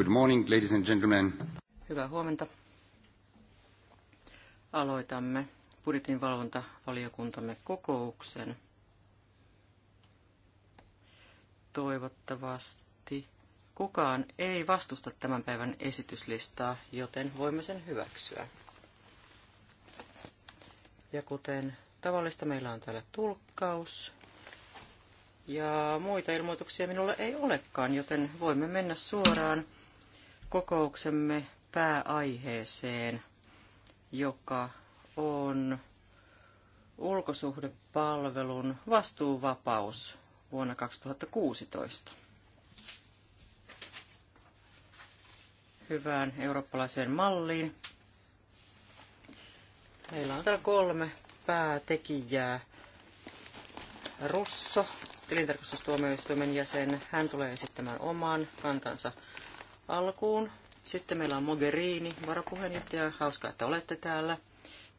Good morning, ladies and gentlemen. Hyvää huomenta. Aloitamme budjetinvalvontavaliokuntamme kokouksen. Toivottavasti kukaan ei vastusta tämän päivän esityslistaa, joten voimme sen hyväksyä. Ja kuten tavallista, meillä on täällä tulkkaus. Ja muita ilmoituksia minulla ei olekaan, joten voimme mennä suoraan kokouksemme pääaiheeseen, joka on ulkosuhdepalvelun vastuuvapaus vuonna 2016. Hyvään eurooppalaiseen malliin. Meillä on täällä kolme päätekijää. Russo, tilintarkastustuomioistuimen jäsen, hän tulee esittämään oman kantansa alkuun. Sitten meillä on Mogherini, varapuheenjohtaja. Hauska, että olette täällä.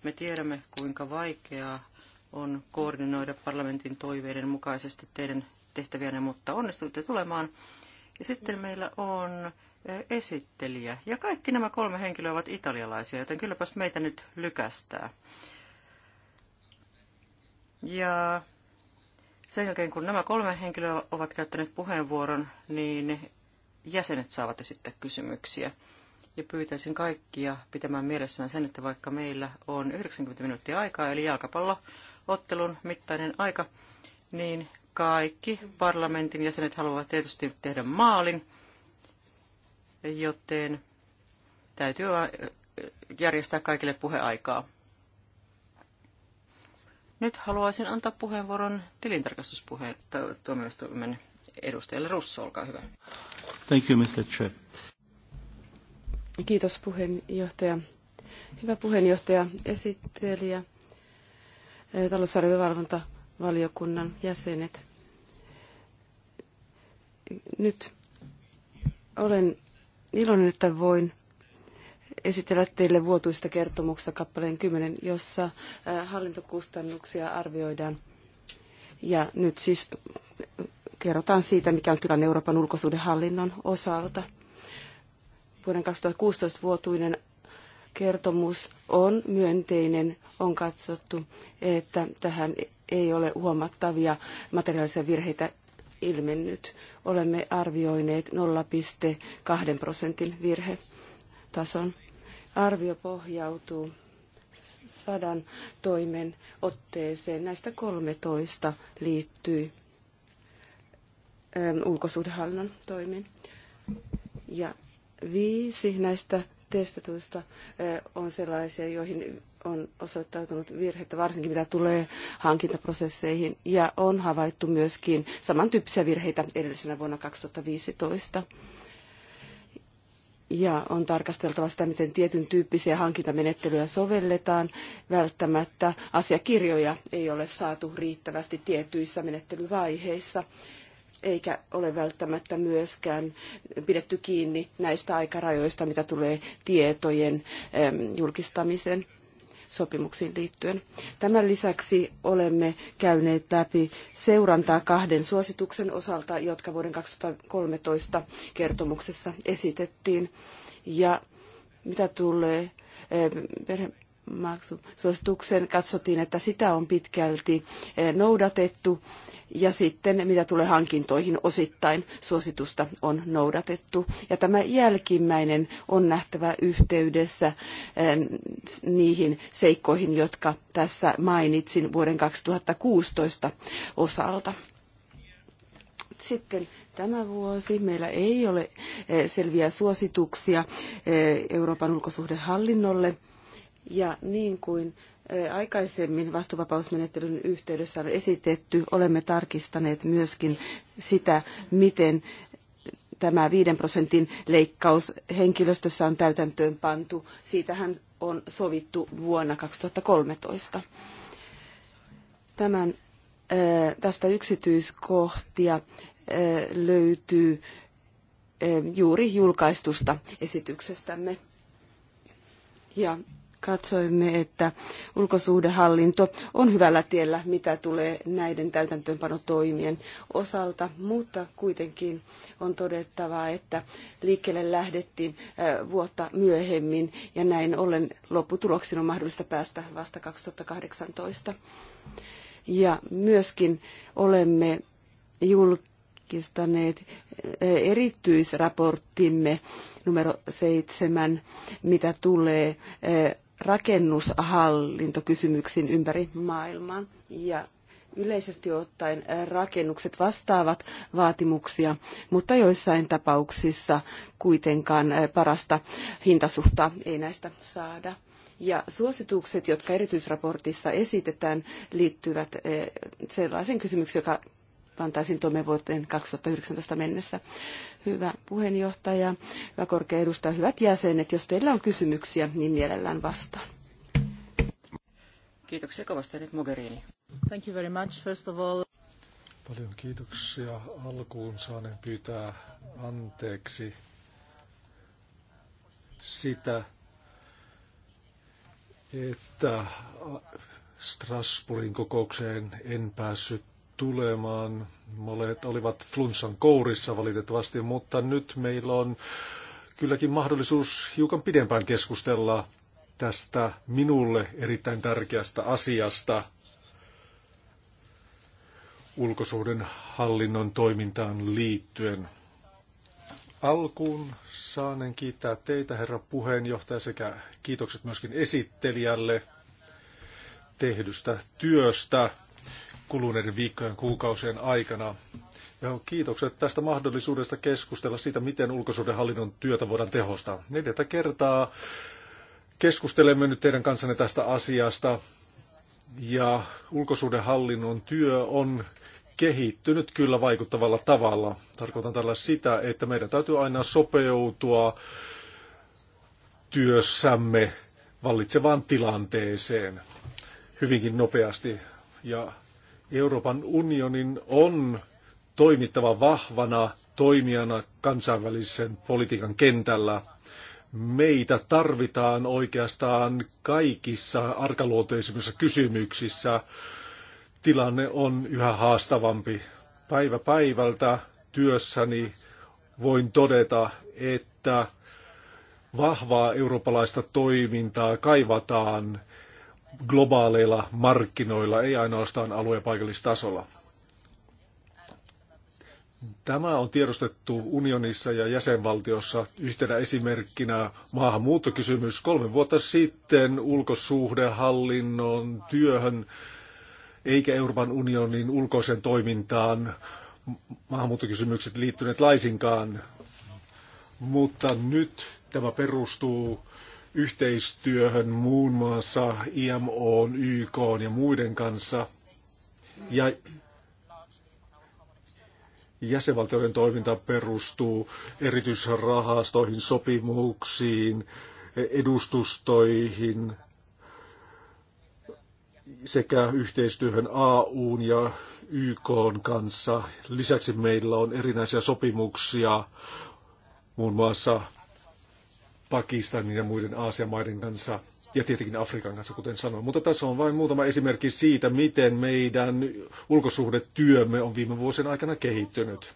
Me tiedämme, kuinka vaikeaa on koordinoida parlamentin toiveiden mukaisesti teidän tehtäviänne, mutta onnistuitte tulemaan. Ja sitten meillä on eh, esittelijä. Ja kaikki nämä kolme henkilöä ovat italialaisia, joten kylläpäs meitä nyt lykästää. Ja sen jälkeen, kun nämä kolme henkilöä ovat käyttäneet puheenvuoron, niin jäsenet saavat esittää kysymyksiä. Ja pyytäisin kaikkia pitämään mielessään sen, että vaikka meillä on 90 minuuttia aikaa, eli jalkapalloottelun mittainen aika, niin kaikki parlamentin jäsenet haluavat tietysti tehdä maalin, joten täytyy järjestää kaikille puheaikaa. Nyt haluaisin antaa puheenvuoron tilintarkastuspuheen tuomioistuimen edustajalle Russo, olkaa hyvä. Thank you, Mr. Chair. Kiitos puheenjohtaja. Hyvä puheenjohtaja, esittelijä, eh, talousarviovalvontavaliokunnan jäsenet. Nyt olen iloinen, että voin esitellä teille vuotuista kertomuksesta kappaleen 10, jossa eh, hallintokustannuksia arvioidaan. Ja nyt siis kerrotaan siitä, mikä on tilanne Euroopan ulkosuudenhallinnon osalta. Vuoden 2016-vuotuinen kertomus on myönteinen. On katsottu, että tähän ei ole huomattavia materiaalisia virheitä ilmennyt. Olemme arvioineet 0,2 prosentin virhetason. Arvio pohjautuu sadan toimen otteeseen. Näistä 13 liittyy Ähm, ulkosuhdehallinnon toimiin. Ja viisi näistä testatuista äh, on sellaisia, joihin on osoittautunut virhettä, varsinkin mitä tulee hankintaprosesseihin, ja on havaittu myöskin samantyyppisiä virheitä edellisenä vuonna 2015. Ja on tarkasteltava sitä, miten tietyn tyyppisiä hankintamenettelyjä sovelletaan. Välttämättä asiakirjoja ei ole saatu riittävästi tietyissä menettelyvaiheissa eikä ole välttämättä myöskään pidetty kiinni näistä aikarajoista, mitä tulee tietojen julkistamisen sopimuksiin liittyen. Tämän lisäksi olemme käyneet läpi seurantaa kahden suosituksen osalta, jotka vuoden 2013 kertomuksessa esitettiin. Ja mitä tulee perhemaksusuosituksen, katsottiin, että sitä on pitkälti noudatettu ja sitten mitä tulee hankintoihin, osittain suositusta on noudatettu. Ja tämä jälkimmäinen on nähtävä yhteydessä eh, niihin seikkoihin, jotka tässä mainitsin vuoden 2016 osalta. Sitten tämä vuosi meillä ei ole eh, selviä suosituksia eh, Euroopan ulkosuhdehallinnolle. Ja niin kuin aikaisemmin vastuvapausmenettelyn yhteydessä on esitetty, olemme tarkistaneet myöskin sitä, miten tämä 5 prosentin leikkaus henkilöstössä on täytäntöön pantu. Siitähän on sovittu vuonna 2013. Tämän, tästä yksityiskohtia löytyy juuri julkaistusta esityksestämme. Ja katsoimme, että ulkosuhdehallinto on hyvällä tiellä, mitä tulee näiden täytäntöönpanotoimien osalta, mutta kuitenkin on todettava, että liikkeelle lähdettiin äh, vuotta myöhemmin ja näin ollen lopputuloksiin on mahdollista päästä vasta 2018. Ja myöskin olemme julkistaneet äh, erityisraporttimme numero seitsemän, mitä tulee äh, rakennushallintokysymyksiin ympäri maailman Ja yleisesti ottaen rakennukset vastaavat vaatimuksia, mutta joissain tapauksissa kuitenkaan parasta hintasuhtaa ei näistä saada. Ja suositukset, jotka erityisraportissa esitetään, liittyvät sellaisen kysymykseen, joka pantaisiin tuomme vuoteen 2019 mennessä. Hyvä puheenjohtaja, hyvä korkea edustaja, hyvät jäsenet, jos teillä on kysymyksiä, niin mielellään vastaan. Kiitoksia kovasti nyt Mogherini. Thank you very much, first of all. Paljon kiitoksia. Alkuun saanen pyytää anteeksi sitä, että Strasbourgin kokoukseen en päässyt tulemaan. Molemmat olivat flunssan kourissa valitettavasti, mutta nyt meillä on kylläkin mahdollisuus hiukan pidempään keskustella tästä minulle erittäin tärkeästä asiasta ulkosuuden hallinnon toimintaan liittyen. Alkuun saanen kiittää teitä, herra puheenjohtaja, sekä kiitokset myöskin esittelijälle tehdystä työstä kuluneiden viikkojen kuukausien aikana. Ja kiitokset tästä mahdollisuudesta keskustella siitä, miten ulkosuhdehallinnon työtä voidaan tehostaa. Neljättä kertaa keskustelemme nyt teidän kanssanne tästä asiasta. Ja ulkosuhdehallinnon työ on kehittynyt kyllä vaikuttavalla tavalla. Tarkoitan tällä sitä, että meidän täytyy aina sopeutua työssämme vallitsevaan tilanteeseen hyvinkin nopeasti. Ja Euroopan unionin on toimittava vahvana toimijana kansainvälisen politiikan kentällä. Meitä tarvitaan oikeastaan kaikissa arkaluonteisimmissa kysymyksissä. Tilanne on yhä haastavampi. Päivä päivältä työssäni voin todeta, että vahvaa eurooppalaista toimintaa kaivataan globaaleilla markkinoilla, ei ainoastaan alue- ja paikallistasolla. Tämä on tiedostettu unionissa ja jäsenvaltiossa yhtenä esimerkkinä maahanmuuttokysymys. Kolme vuotta sitten ulkosuhdehallinnon työhön eikä Euroopan unionin ulkoisen toimintaan maahanmuuttokysymykset liittyneet laisinkaan. Mutta nyt tämä perustuu yhteistyöhön muun muassa IMO, YK ja muiden kanssa ja jäsenvaltioiden toiminta perustuu erityisrahastoihin, sopimuksiin, edustustoihin sekä yhteistyöhön AUn ja YKn kanssa. Lisäksi meillä on erinäisiä sopimuksia muun muassa Pakistanin ja muiden Aasian maiden kanssa ja tietenkin Afrikan kanssa, kuten sanoin. Mutta tässä on vain muutama esimerkki siitä, miten meidän ulkosuhdetyömme on viime vuosien aikana kehittynyt.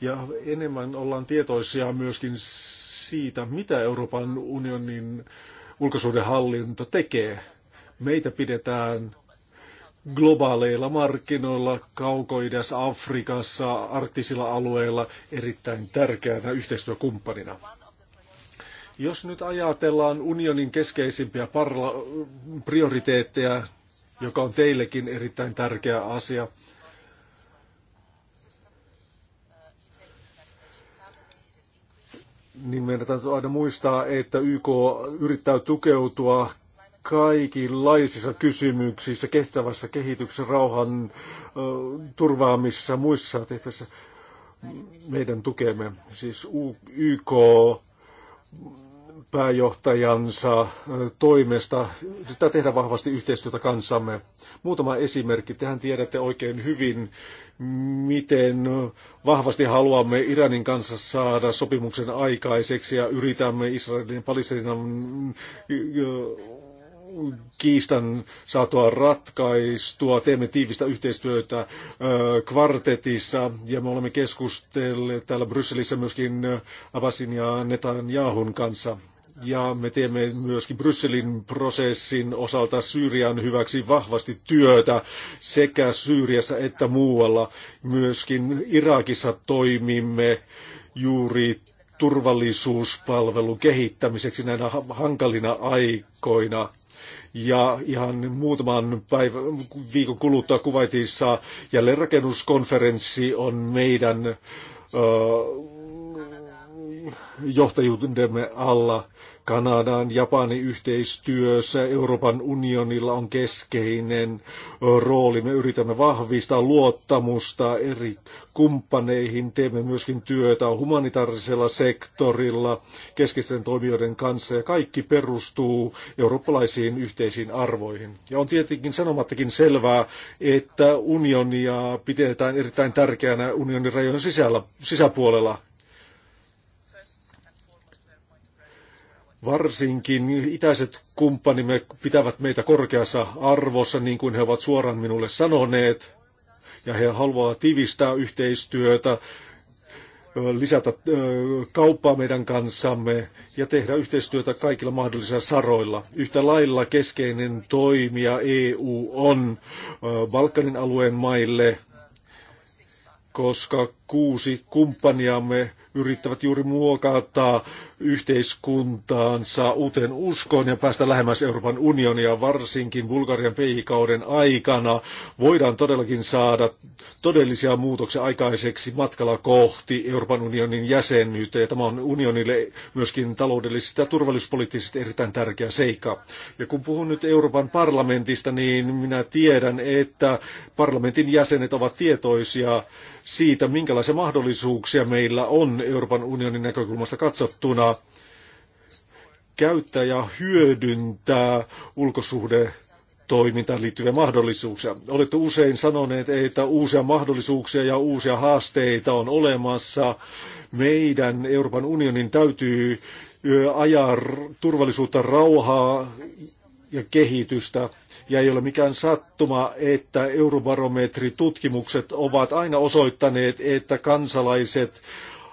Ja enemmän ollaan tietoisia myöskin siitä, mitä Euroopan unionin ulkosuhdehallinto tekee. Meitä pidetään globaaleilla markkinoilla, kaukoidässä, Afrikassa, arktisilla alueilla erittäin tärkeänä yhteistyökumppanina. Jos nyt ajatellaan unionin keskeisimpiä parla- prioriteetteja, joka on teillekin erittäin tärkeä asia, niin meidän täytyy aina muistaa, että YK yrittää tukeutua kaikenlaisissa kysymyksissä, kestävässä kehityksessä, rauhan turvaamisessa, muissa tehtävissä meidän tukemme. Siis YK pääjohtajansa toimesta yrittää tehdä vahvasti yhteistyötä kanssamme. Muutama esimerkki. Tehän tiedätte oikein hyvin, miten vahvasti haluamme Iranin kanssa saada sopimuksen aikaiseksi ja yritämme Israelin ja kiistan saatua ratkaistua. Teemme tiivistä yhteistyötä kvartetissa ja me olemme keskustelleet täällä Brysselissä myöskin Abbasin ja Netanjahun kanssa. Ja me teemme myöskin Brysselin prosessin osalta Syyrian hyväksi vahvasti työtä sekä Syyriassa että muualla. Myöskin Irakissa toimimme juuri turvallisuuspalvelun kehittämiseksi näinä hankalina aikoina. Ja ihan muutaman päivän, viikon kuluttua Kuwaitissa jälleenrakennuskonferenssi on meidän johtajuutemme alla. Kanadan, Japanin yhteistyössä Euroopan unionilla on keskeinen rooli. Me yritämme vahvistaa luottamusta eri kumppaneihin. Teemme myöskin työtä humanitaarisella sektorilla keskeisten toimijoiden kanssa ja kaikki perustuu eurooppalaisiin yhteisiin arvoihin. Ja on tietenkin sanomattakin selvää, että unionia pidetään erittäin tärkeänä unionin rajojen sisällä, sisäpuolella Varsinkin itäiset kumppanimme pitävät meitä korkeassa arvossa, niin kuin he ovat suoraan minulle sanoneet, ja he haluavat tiivistää yhteistyötä, lisätä kauppaa meidän kanssamme ja tehdä yhteistyötä kaikilla mahdollisilla saroilla. Yhtä lailla keskeinen toimija EU on Balkanin alueen maille, koska kuusi kumppaniamme yrittävät juuri muokata yhteiskuntaansa uuteen uskoon ja päästä lähemmäs Euroopan unionia, varsinkin Bulgarian peihikauden aikana, voidaan todellakin saada todellisia muutoksia aikaiseksi matkalla kohti Euroopan unionin jäsenyyttä. Ja tämä on unionille myöskin taloudellisesti ja turvallisuuspoliittisesti erittäin tärkeä seikka. Ja kun puhun nyt Euroopan parlamentista, niin minä tiedän, että parlamentin jäsenet ovat tietoisia siitä, minkälaisia mahdollisuuksia meillä on Euroopan unionin näkökulmasta katsottuna voida käyttää ja hyödyntää ulkosuhde toimintaan liittyviä mahdollisuuksia. Olette usein sanoneet, että uusia mahdollisuuksia ja uusia haasteita on olemassa. Meidän Euroopan unionin täytyy ajaa turvallisuutta, rauhaa ja kehitystä. Ja ei ole mikään sattuma, että eurobarometritutkimukset ovat aina osoittaneet, että kansalaiset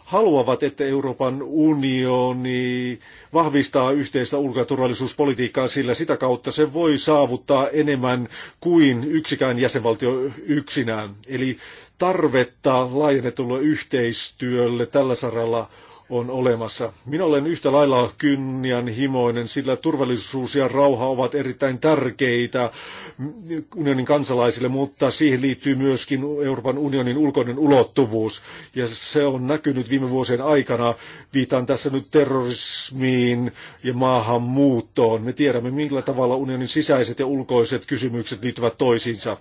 haluavat, että Euroopan unioni vahvistaa yhteistä ulko- ja turvallisuuspolitiikkaa, sillä sitä kautta se voi saavuttaa enemmän kuin yksikään jäsenvaltio yksinään. Eli tarvetta laajennetulle yhteistyölle tällä saralla on olemassa. Minä olen yhtä lailla kunnianhimoinen, sillä turvallisuus ja rauha ovat erittäin tärkeitä unionin kansalaisille, mutta siihen liittyy myöskin Euroopan unionin ulkoinen ulottuvuus. Ja se on näkynyt viime vuosien aikana. Viitaan tässä nyt terrorismiin ja maahanmuuttoon. Me tiedämme, millä tavalla unionin sisäiset ja ulkoiset kysymykset liittyvät toisiinsa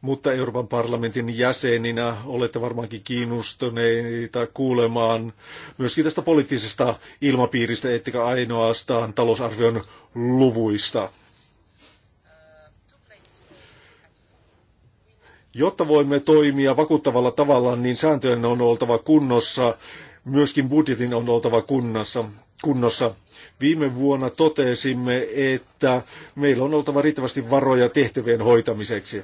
mutta Euroopan parlamentin jäseninä olette varmaankin kiinnostuneita kuulemaan myöskin tästä poliittisesta ilmapiiristä, ettekä ainoastaan talousarvion luvuista. Jotta voimme toimia vakuuttavalla tavalla, niin sääntöjen on oltava kunnossa, myöskin budjetin on oltava kunnossa. kunnossa. Viime vuonna totesimme, että meillä on oltava riittävästi varoja tehtävien hoitamiseksi.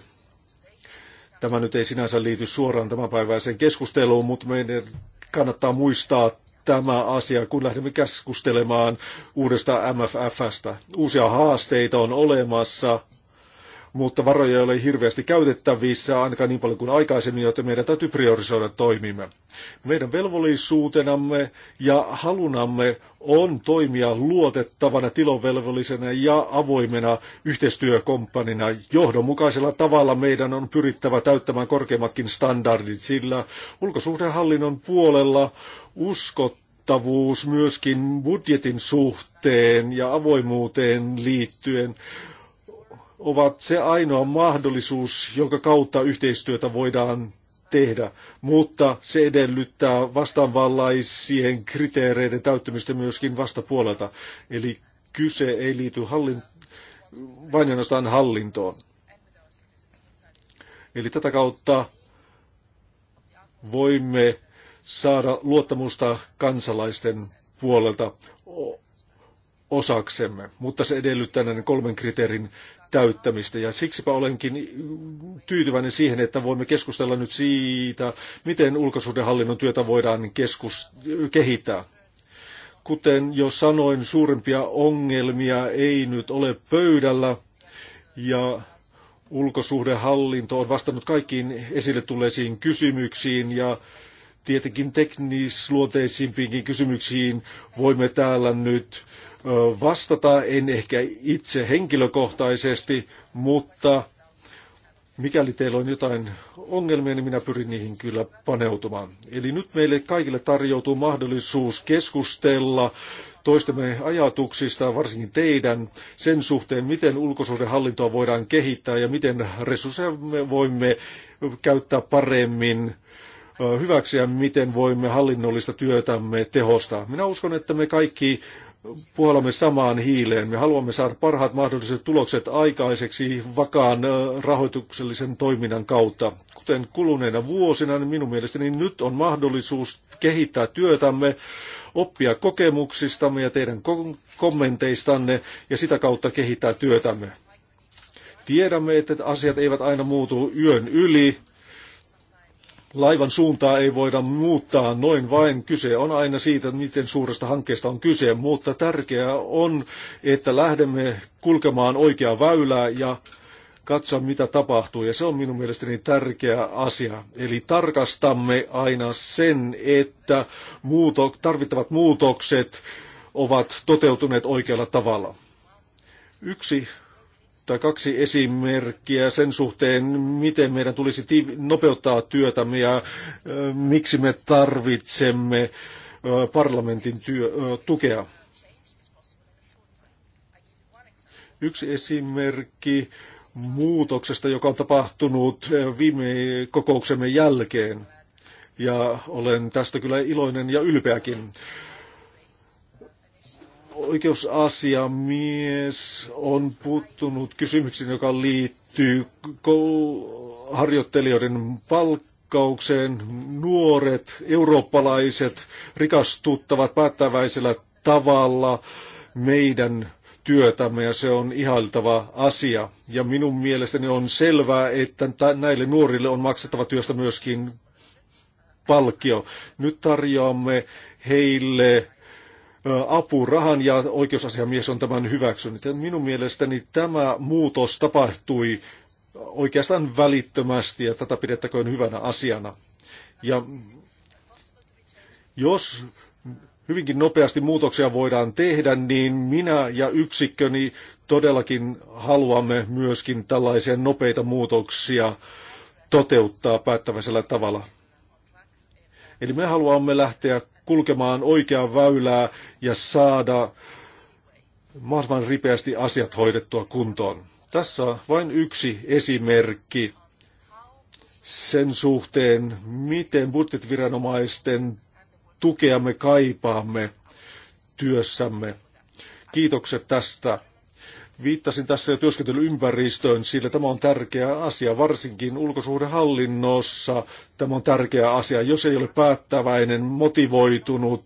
Tämä nyt ei sinänsä liity suoraan tämänpäiväiseen keskusteluun, mutta meidän kannattaa muistaa tämä asia, kun lähdemme keskustelemaan uudesta MFFstä. Uusia haasteita on olemassa, mutta varoja ei ole hirveästi käytettävissä, ainakaan niin paljon kuin aikaisemmin, joten meidän täytyy priorisoida toimimme. Meidän velvollisuutenamme ja halunamme on toimia luotettavana, tilovelvollisena ja avoimena yhteistyökomppanina. Johdonmukaisella tavalla meidän on pyrittävä täyttämään korkeimmatkin standardit, sillä ulkosuhdehallinnon puolella uskot uskottavuus myöskin budjetin suhteen ja avoimuuteen liittyen ovat se ainoa mahdollisuus, jonka kautta yhteistyötä voidaan tehdä, mutta se edellyttää vastaavanlaisien kriteereiden täyttymistä myöskin vastapuolelta. Eli kyse ei liity hallin, vain ainoastaan hallintoon. Eli tätä kautta voimme saada luottamusta kansalaisten puolelta osaksemme, mutta se edellyttää näiden kolmen kriteerin täyttämistä. Ja siksipä olenkin tyytyväinen siihen, että voimme keskustella nyt siitä, miten ulkosuhdehallinnon työtä voidaan keskus, kehittää. Kuten jo sanoin, suurimpia ongelmia ei nyt ole pöydällä ja ulkosuhdehallinto on vastannut kaikkiin esille tulleisiin kysymyksiin ja tietenkin teknisluonteisimpiinkin kysymyksiin voimme täällä nyt vastata, en ehkä itse henkilökohtaisesti, mutta mikäli teillä on jotain ongelmia, niin minä pyrin niihin kyllä paneutumaan. Eli nyt meille kaikille tarjoutuu mahdollisuus keskustella toistemme ajatuksista, varsinkin teidän, sen suhteen, miten ulkosuhdehallintoa voidaan kehittää ja miten resursseja me voimme käyttää paremmin hyväksi ja miten voimme hallinnollista työtämme tehostaa. Minä uskon, että me kaikki puolamme samaan hiileen. Me haluamme saada parhaat mahdolliset tulokset aikaiseksi vakaan rahoituksellisen toiminnan kautta. Kuten kuluneena vuosina, niin minun mielestäni nyt on mahdollisuus kehittää työtämme, oppia kokemuksistamme ja teidän kommenteistanne ja sitä kautta kehittää työtämme. Tiedämme, että asiat eivät aina muutu yön yli, laivan suuntaa ei voida muuttaa noin vain. Kyse on aina siitä, miten suuresta hankkeesta on kyse, mutta tärkeää on, että lähdemme kulkemaan oikeaa väylää ja katsoa, mitä tapahtuu. Ja se on minun mielestäni tärkeä asia. Eli tarkastamme aina sen, että tarvittavat muutokset ovat toteutuneet oikealla tavalla. Yksi Tästä kaksi esimerkkiä sen suhteen, miten meidän tulisi nopeuttaa työtämme ja miksi me tarvitsemme parlamentin työ, tukea. Yksi esimerkki muutoksesta, joka on tapahtunut viime kokouksemme jälkeen. Ja olen tästä kyllä iloinen ja ylpeäkin oikeusasiamies on puuttunut kysymyksiin, joka liittyy harjoittelijoiden palkkaukseen. Nuoret eurooppalaiset rikastuttavat päättäväisellä tavalla meidän työtämme ja se on ihailtava asia. Ja minun mielestäni on selvää, että näille nuorille on maksettava työstä myöskin palkio. Nyt tarjoamme heille apurahan ja oikeusasiamies on tämän hyväksynyt. Ja minun mielestäni tämä muutos tapahtui oikeastaan välittömästi ja tätä pidettäköön hyvänä asiana. Ja jos hyvinkin nopeasti muutoksia voidaan tehdä, niin minä ja yksikköni todellakin haluamme myöskin tällaisia nopeita muutoksia toteuttaa päättäväisellä tavalla. Eli me haluamme lähteä kulkemaan oikeaa väylää ja saada mahdollisimman ripeästi asiat hoidettua kuntoon. Tässä on vain yksi esimerkki sen suhteen, miten budjettiviranomaisten tukea me kaipaamme työssämme. Kiitokset tästä Viittasin tässä jo työskentelyympäristöön, sillä tämä on tärkeä asia, varsinkin ulkosuhdehallinnossa. Tämä on tärkeä asia, jos ei ole päättäväinen, motivoitunut,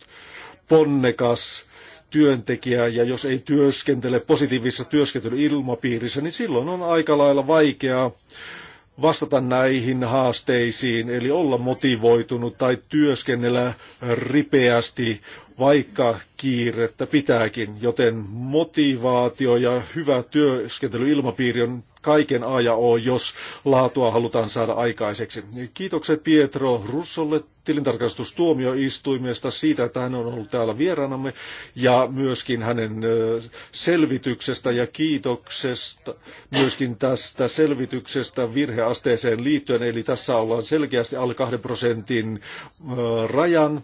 ponnekas työntekijä ja jos ei työskentele positiivisessa työskentelyilmapiirissä, niin silloin on aika lailla vaikeaa vastata näihin haasteisiin, eli olla motivoitunut tai työskennellä ripeästi, vaikka kiirettä pitääkin, joten motivaatio ja hyvä työskentelyilmapiiri on kaiken A ja O, jos laatua halutaan saada aikaiseksi. Kiitokset Pietro Russolle tilintarkastustuomioistuimesta siitä, että hän on ollut täällä vieraanamme ja myöskin hänen selvityksestä ja kiitoksesta myöskin tästä selvityksestä virheasteeseen liittyen. Eli tässä ollaan selkeästi alle kahden prosentin rajan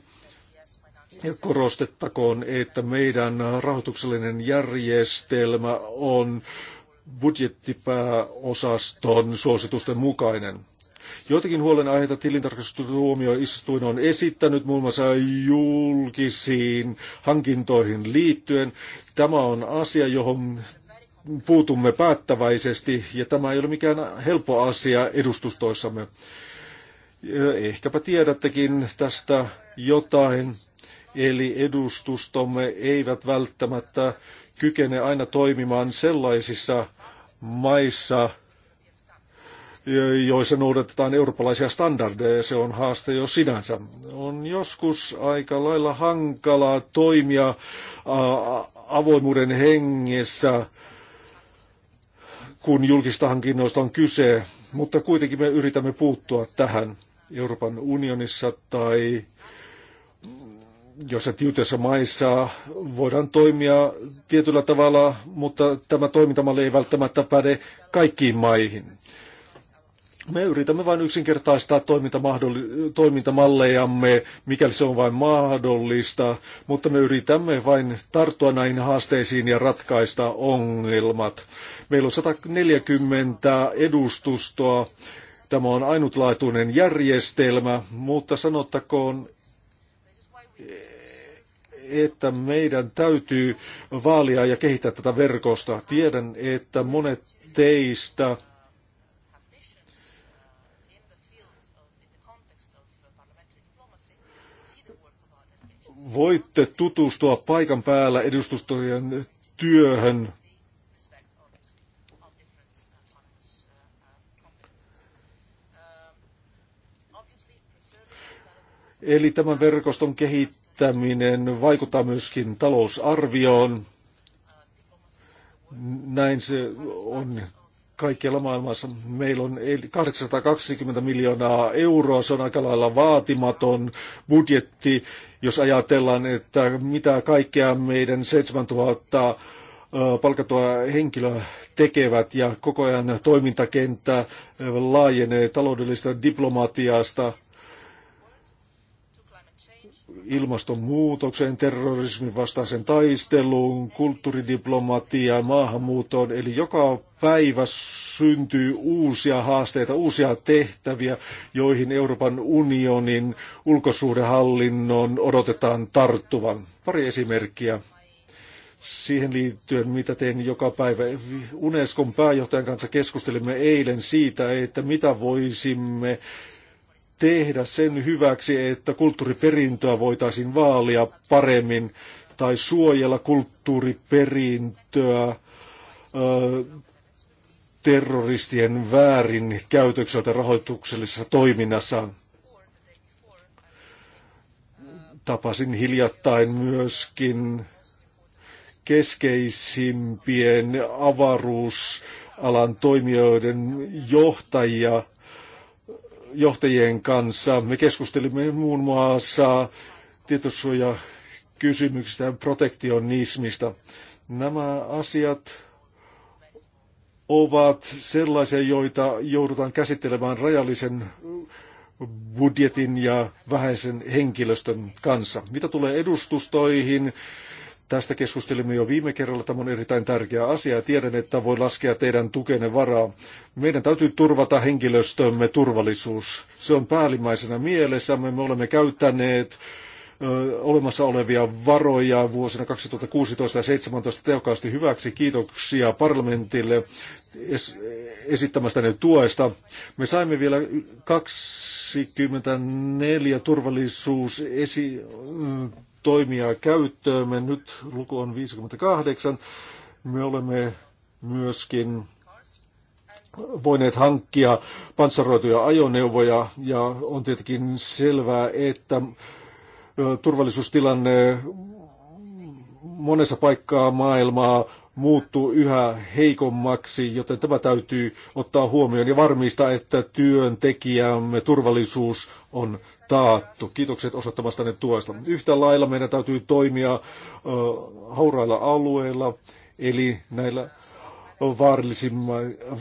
Korostettakoon, että meidän rahoituksellinen järjestelmä on budjettipääosaston suositusten mukainen. Joitakin huolenaiheita tilintarkastustuomioistuin on esittänyt muun muassa julkisiin hankintoihin liittyen. Tämä on asia, johon puutumme päättäväisesti ja tämä ei ole mikään helppo asia edustustoissamme. Ehkäpä tiedättekin tästä jotain eli edustustomme eivät välttämättä kykene aina toimimaan sellaisissa maissa, joissa noudatetaan eurooppalaisia standardeja. Se on haaste jo sinänsä. On joskus aika lailla hankalaa toimia avoimuuden hengessä, kun julkista hankinnoista on kyse, mutta kuitenkin me yritämme puuttua tähän Euroopan unionissa tai joissa tiukoissa maissa voidaan toimia tietyllä tavalla, mutta tämä toimintamalli ei välttämättä päde kaikkiin maihin. Me yritämme vain yksinkertaistaa toimintamallejamme, mikäli se on vain mahdollista, mutta me yritämme vain tarttua näihin haasteisiin ja ratkaista ongelmat. Meillä on 140 edustustoa. Tämä on ainutlaatuinen järjestelmä, mutta sanottakoon, että meidän täytyy vaalia ja kehittää tätä verkosta. Tiedän, että monet teistä voitte tutustua paikan päällä edustustojen työhön. Eli tämän verkoston kehittäminen kehittäminen vaikuttaa myöskin talousarvioon. Näin se on kaikkialla maailmassa. Meillä on 820 miljoonaa euroa, se on aika lailla vaatimaton budjetti, jos ajatellaan, että mitä kaikkea meidän 7000 palkattua henkilöä tekevät ja koko ajan toimintakenttä laajenee taloudellisesta diplomatiasta ilmastonmuutokseen, terrorismin vastaiseen taisteluun, kulttuuridiplomatiaan, maahanmuuttoon. Eli joka päivä syntyy uusia haasteita, uusia tehtäviä, joihin Euroopan unionin ulkosuhdehallinnon odotetaan tarttuvan. Pari esimerkkiä siihen liittyen, mitä teen joka päivä. Unescon pääjohtajan kanssa keskustelimme eilen siitä, että mitä voisimme tehdä sen hyväksi, että kulttuuriperintöä voitaisiin vaalia paremmin tai suojella kulttuuriperintöä terroristien väärin käytökseltä rahoituksellisessa toiminnassa. Tapasin hiljattain myöskin keskeisimpien avaruusalan toimijoiden johtajia – johtajien kanssa. Me keskustelimme muun muassa tietosuoja kysymyksistä ja protektionismista. Nämä asiat ovat sellaisia, joita joudutaan käsittelemään rajallisen budjetin ja vähäisen henkilöstön kanssa. Mitä tulee edustustoihin, Tästä keskustelimme jo viime kerralla. Tämä on erittäin tärkeä asia ja tiedän, että voi laskea teidän tukenne varaa. Meidän täytyy turvata henkilöstömme turvallisuus. Se on päällimmäisenä mielessämme. Me olemme käyttäneet olemassa olevia varoja vuosina 2016 ja 2017 tehokkaasti hyväksi. Kiitoksia parlamentille esittämästänne tuesta. Me saimme vielä 24 turvallisuusesi toimia käyttöömme. Nyt luku on 58. Me olemme myöskin voineet hankkia panssaroituja ajoneuvoja ja on tietenkin selvää, että turvallisuustilanne monessa paikkaa maailmaa muuttuu yhä heikommaksi, joten tämä täytyy ottaa huomioon ja varmistaa, että työntekijämme turvallisuus on taattu. Kiitokset osoittamastanne tuesta. Yhtä lailla meidän täytyy toimia äh, alueilla, eli näillä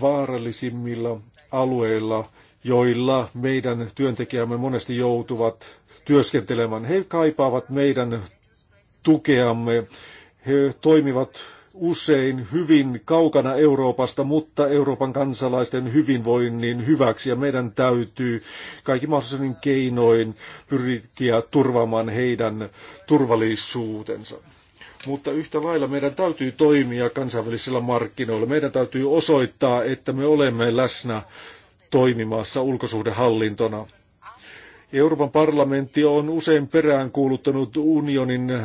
vaarallisimmilla alueilla, joilla meidän työntekijämme monesti joutuvat työskentelemään. He kaipaavat meidän tukeamme. He toimivat usein hyvin kaukana Euroopasta, mutta Euroopan kansalaisten hyvinvoinnin hyväksi ja meidän täytyy kaikki mahdollisen keinoin pyrkiä turvaamaan heidän turvallisuutensa. Mutta yhtä lailla meidän täytyy toimia kansainvälisillä markkinoilla. Meidän täytyy osoittaa, että me olemme läsnä toimimassa ulkosuhdehallintona. Euroopan parlamentti on usein peräänkuuluttanut unionin äh,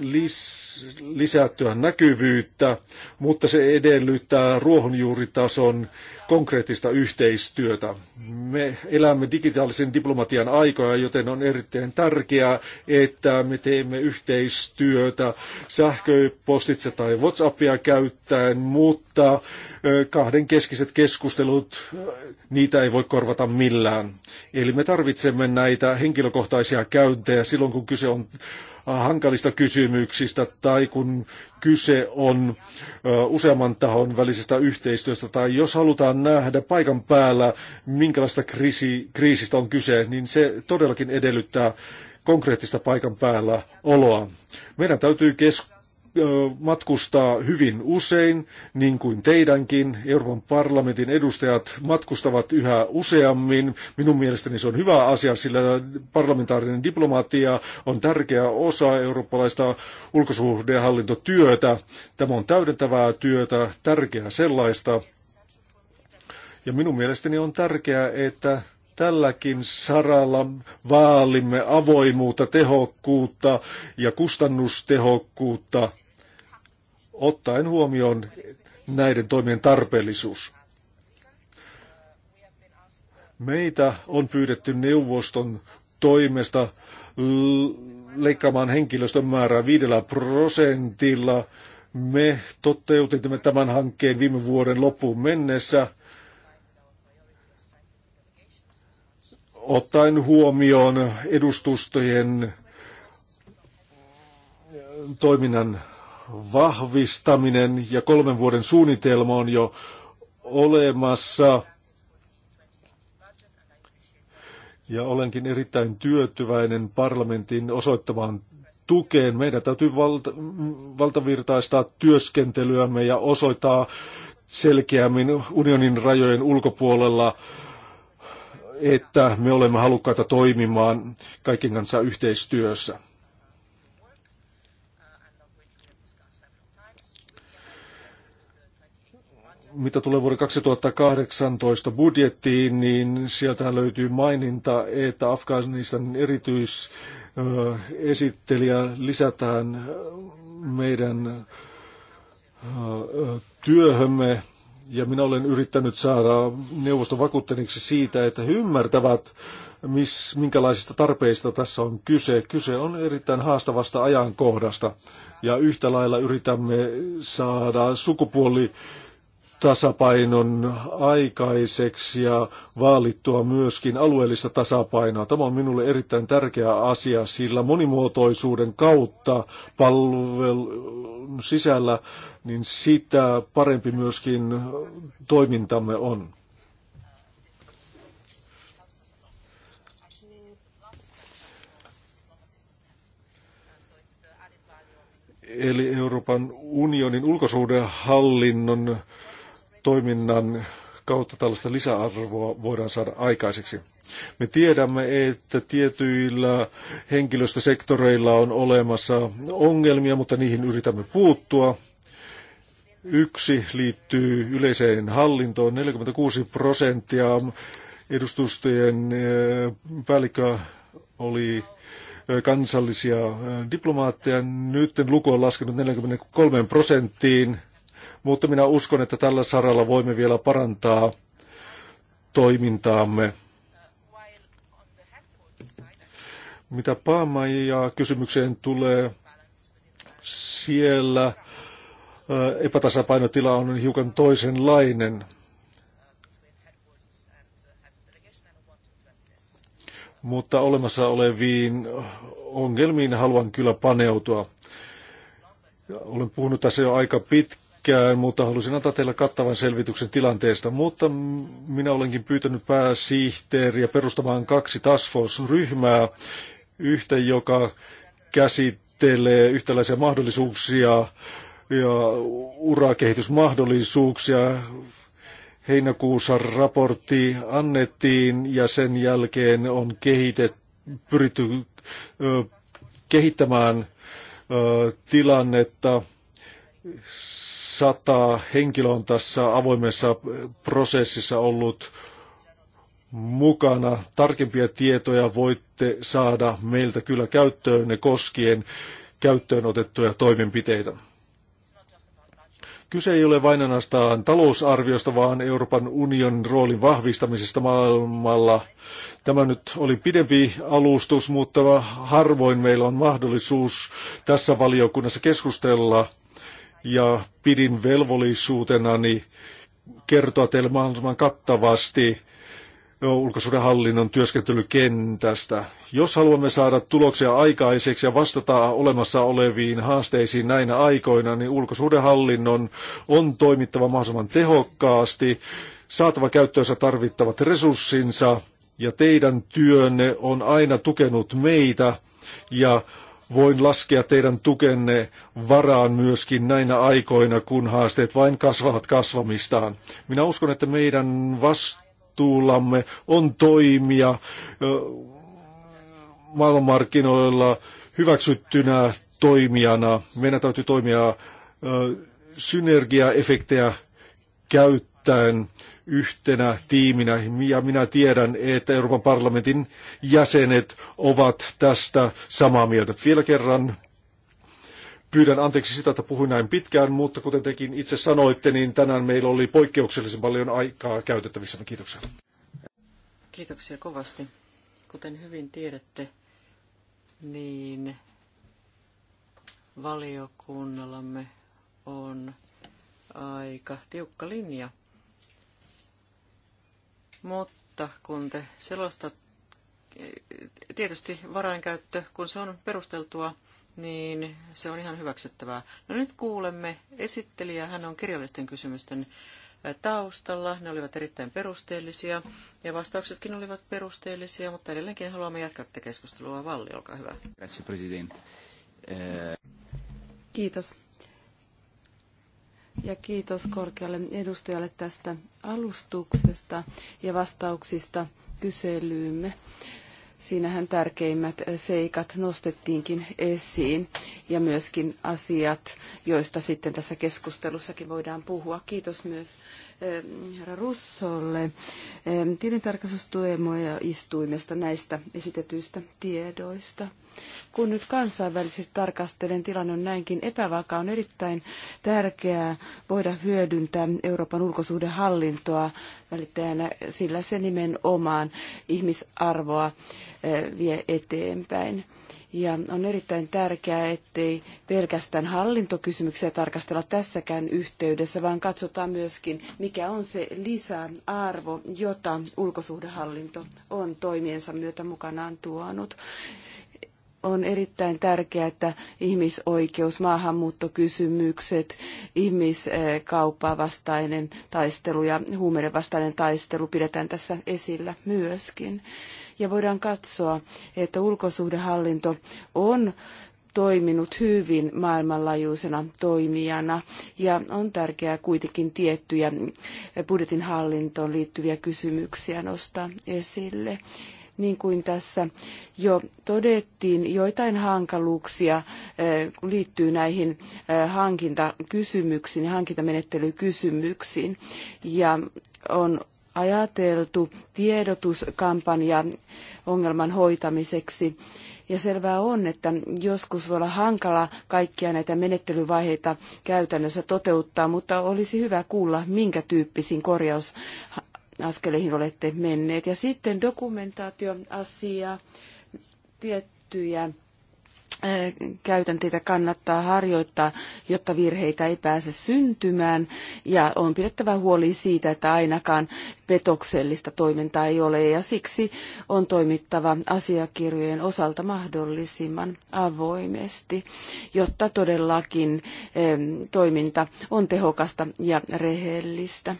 lis- lisättyä näkyvyyttä, mutta se edellyttää ruohonjuuritason konkreettista yhteistyötä. Me elämme digitaalisen diplomatian aikoja, joten on erittäin tärkeää, että me teemme yhteistyötä sähköpostitse tai WhatsAppia käyttäen, mutta kahden keskiset keskustelut, niitä ei voi korvata millään. Eli me tarvitsemme näitä henkilökohtaisia käyntejä silloin, kun kyse on äh, hankalista kysymyksistä tai kun kyse on useamman tahon välisestä yhteistyöstä tai jos halutaan nähdä paikan päällä, minkälaista kriisi, kriisistä on kyse, niin se todellakin edellyttää konkreettista paikan päällä oloa. Meidän täytyy kes- matkustaa hyvin usein, niin kuin teidänkin. Euroopan parlamentin edustajat matkustavat yhä useammin. Minun mielestäni se on hyvä asia, sillä parlamentaarinen diplomatia on tärkeä osa eurooppalaista ulkosuhdehallintotyötä. Tämä on täydentävää työtä, tärkeää sellaista. Ja minun mielestäni on tärkeää, että tälläkin saralla vaalimme avoimuutta, tehokkuutta ja kustannustehokkuutta, ottaen huomioon näiden toimien tarpeellisuus. Meitä on pyydetty neuvoston toimesta leikkaamaan henkilöstön määrää viidellä prosentilla. Me toteutimme tämän hankkeen viime vuoden loppuun mennessä – ottaen huomioon edustustojen toiminnan vahvistaminen ja kolmen vuoden suunnitelma on jo olemassa. Ja olenkin erittäin tyytyväinen parlamentin osoittamaan tukeen. Meidän täytyy valta, valtavirtaistaa työskentelyämme ja osoittaa selkeämmin unionin rajojen ulkopuolella äh, että me olemme halukkaita toimimaan kaiken kanssa yhteistyössä. mitä tulee vuoden 2018 budjettiin, niin sieltä löytyy maininta, että Afganistanin erityisesittelijä lisätään meidän työhömme ja minä olen yrittänyt saada neuvoston vakuutteneeksi siitä, että he ymmärtävät, miss minkälaisista tarpeista tässä on kyse. Kyse on erittäin haastavasta ajankohdasta ja yhtä lailla yritämme saada sukupuoli tasapainon aikaiseksi ja vaalittua myöskin alueellista tasapainoa. Tämä on minulle erittäin tärkeä asia, sillä monimuotoisuuden kautta palvelun sisällä, niin sitä parempi myöskin toimintamme on. eli Euroopan unionin ulkosuhdehallinnon toiminnan kautta tällaista lisäarvoa voidaan saada aikaiseksi. Me tiedämme, että tietyillä henkilöstösektoreilla on olemassa ongelmia, mutta niihin yritämme puuttua. Yksi liittyy yleiseen hallintoon. 46 prosenttia edustustojen eh, päällikkö oli eh, kansallisia eh, diplomaatteja. Nyt luku on laskenut 43 prosenttiin mutta minä uskon, että tällä saralla voimme vielä parantaa toimintaamme. Mitä ja kysymykseen tulee, siellä epätasapainotila on hiukan toisenlainen. Mutta olemassa oleviin ongelmiin haluan kyllä paneutua. Olen puhunut tässä jo aika pitkään pitkään, mutta halusin antaa teille kattavan selvityksen tilanteesta. Mutta minä olenkin pyytänyt pääsihteeriä perustamaan kaksi task force-ryhmää. Yhtä, joka käsittelee yhtäläisiä mahdollisuuksia ja urakehitysmahdollisuuksia. Heinäkuussa raportti annettiin ja sen jälkeen on kehitet, pyritty ö, kehittämään ö, tilannetta sata henkilöä on tässä avoimessa prosessissa ollut mukana. Tarkempia tietoja voitte saada meiltä kyllä käyttöön ne koskien käyttöön otettuja toimenpiteitä. Kyse ei ole vain ainoastaan talousarviosta, vaan Euroopan unionin roolin vahvistamisesta maailmalla. Tämä nyt oli pidempi alustus, mutta harvoin meillä on mahdollisuus tässä valiokunnassa keskustella ja pidin velvollisuutenani kertoa teille mahdollisimman kattavasti ulkosuudenhallinnon työskentelykentästä. Jos haluamme saada tuloksia aikaiseksi ja vastata olemassa oleviin haasteisiin näinä aikoina, niin ulkosuudenhallinnon on toimittava mahdollisimman tehokkaasti, saatava käyttöönsä tarvittavat resurssinsa ja teidän työnne on aina tukenut meitä ja voin laskea teidän tukenne varaan myöskin näinä aikoina, kun haasteet vain kasvavat kasvamistaan. Minä uskon, että meidän vastuullamme on toimia maailmanmarkkinoilla hyväksyttynä toimijana. Meidän täytyy toimia synergiaefektejä käyttäen yhtenä tiiminä. Ja minä tiedän, että Euroopan parlamentin jäsenet ovat tästä samaa mieltä. Vielä kerran Pyydän anteeksi sitä, että puhuin näin pitkään, mutta kuten tekin itse sanoitte, niin tänään meillä oli poikkeuksellisen paljon aikaa käytettävissä. Kiitoksia. Kiitoksia kovasti. Kuten hyvin tiedätte, niin valiokunnallamme on aika tiukka linja mutta kun te selostat, tietysti varainkäyttö, kun se on perusteltua, niin se on ihan hyväksyttävää. No nyt kuulemme esittelijää, hän on kirjallisten kysymysten taustalla. Ne olivat erittäin perusteellisia ja vastauksetkin olivat perusteellisia, mutta edelleenkin haluamme jatkaa tätä keskustelua. Valli, olkaa hyvä. Grazie, eh. Kiitos ja kiitos korkealle edustajalle tästä alustuksesta ja vastauksista kyselyymme. Siinähän tärkeimmät seikat nostettiinkin esiin ja myöskin asiat, joista sitten tässä keskustelussakin voidaan puhua. Kiitos myös eh, herra Russolle eh, tilintarkastustuemoja istuimesta näistä esitetyistä tiedoista. Kun nyt kansainvälisesti tarkastelen tilanne on näinkin epävakaa, on erittäin tärkeää voida hyödyntää Euroopan ulkosuhdehallintoa välittäjänä, sillä se nimenomaan ihmisarvoa eh, vie eteenpäin. Ja on erittäin tärkeää, ettei pelkästään hallintokysymyksiä tarkastella tässäkään yhteydessä, vaan katsotaan myöskin, mikä on se lisäarvo, jota ulkosuhdehallinto on toimiensa myötä mukanaan tuonut on erittäin tärkeää, että ihmisoikeus, maahanmuuttokysymykset, ihmiskauppaa vastainen taistelu ja huumeiden vastainen taistelu pidetään tässä esillä myöskin. Ja voidaan katsoa, että ulkosuhdehallinto on toiminut hyvin maailmanlaajuisena toimijana ja on tärkeää kuitenkin tiettyjä budjetin hallintoon liittyviä kysymyksiä nostaa esille niin kuin tässä jo todettiin, joitain hankaluuksia eh, liittyy näihin eh, hankintakysymyksiin ja hankintamenettelykysymyksiin. Ja on ajateltu tiedotuskampanja ongelman hoitamiseksi. Ja selvää on, että joskus voi olla hankala kaikkia näitä menettelyvaiheita käytännössä toteuttaa, mutta olisi hyvä kuulla, minkä tyyppisiin korjaus- askeleihin olette menneet. Ja sitten dokumentaatioasia, tiettyjä äh, käytänteitä kannattaa harjoittaa, jotta virheitä ei pääse syntymään. Ja on pidettävä huoli siitä, että ainakaan petoksellista toimintaa ei ole. Ja siksi on toimittava asiakirjojen osalta mahdollisimman avoimesti, jotta todellakin toiminta on tehokasta ja rehellistä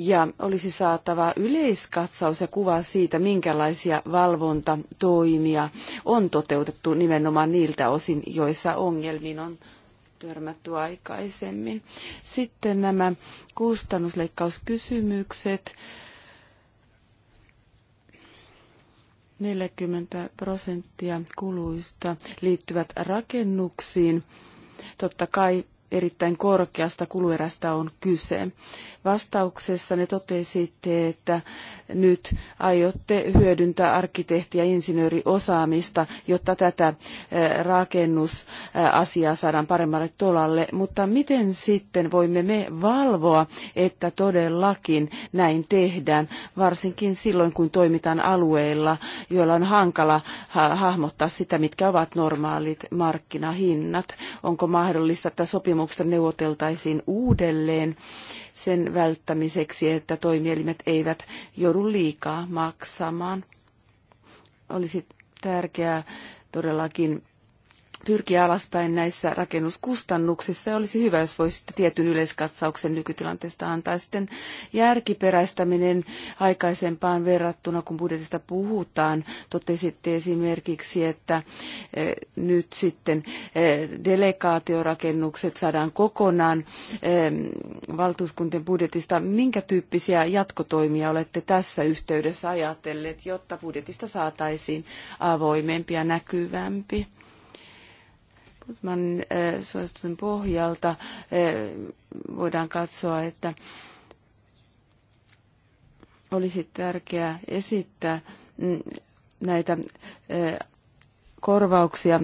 ja olisi saatava yleiskatsaus ja kuva siitä, minkälaisia valvontatoimia on toteutettu nimenomaan niiltä osin, joissa ongelmiin on törmätty aikaisemmin. Sitten nämä kustannusleikkauskysymykset. 40 prosenttia kuluista liittyvät rakennuksiin. Totta kai erittäin korkeasta kuluerästä on kyse. Vastauksessa ne totesitte, että nyt aiotte hyödyntää arkkitehti- ja insinööriosaamista, jotta tätä eh, rakennusasiaa saadaan paremmalle tolalle. Mutta miten sitten voimme me valvoa, että todellakin näin tehdään, varsinkin silloin, kun toimitaan alueilla, joilla on hankala hahmottaa sitä, mitkä ovat normaalit markkinahinnat. Onko mahdollista, että sopimus sopimuksesta neuvoteltaisiin uudelleen sen välttämiseksi, että toimielimet eivät joudu liikaa maksamaan. Olisi tärkeää todellakin pyrkiä alaspäin näissä rakennuskustannuksissa. Olisi hyvä, jos voisitte tietyn yleiskatsauksen nykytilanteesta antaa sitten järkiperäistäminen aikaisempaan verrattuna, kun budjetista puhutaan. Totesitte esimerkiksi, että e, nyt sitten e, delegaatiorakennukset saadaan kokonaan e, valtuuskuntien budjetista. Minkä tyyppisiä jatkotoimia olette tässä yhteydessä ajatelleet, jotta budjetista saataisiin avoimempi ja näkyvämpi? Kutmanin eh, suositusten pohjalta eh, voidaan katsoa, että olisi tärkeää esittää mm, näitä eh, korvauksia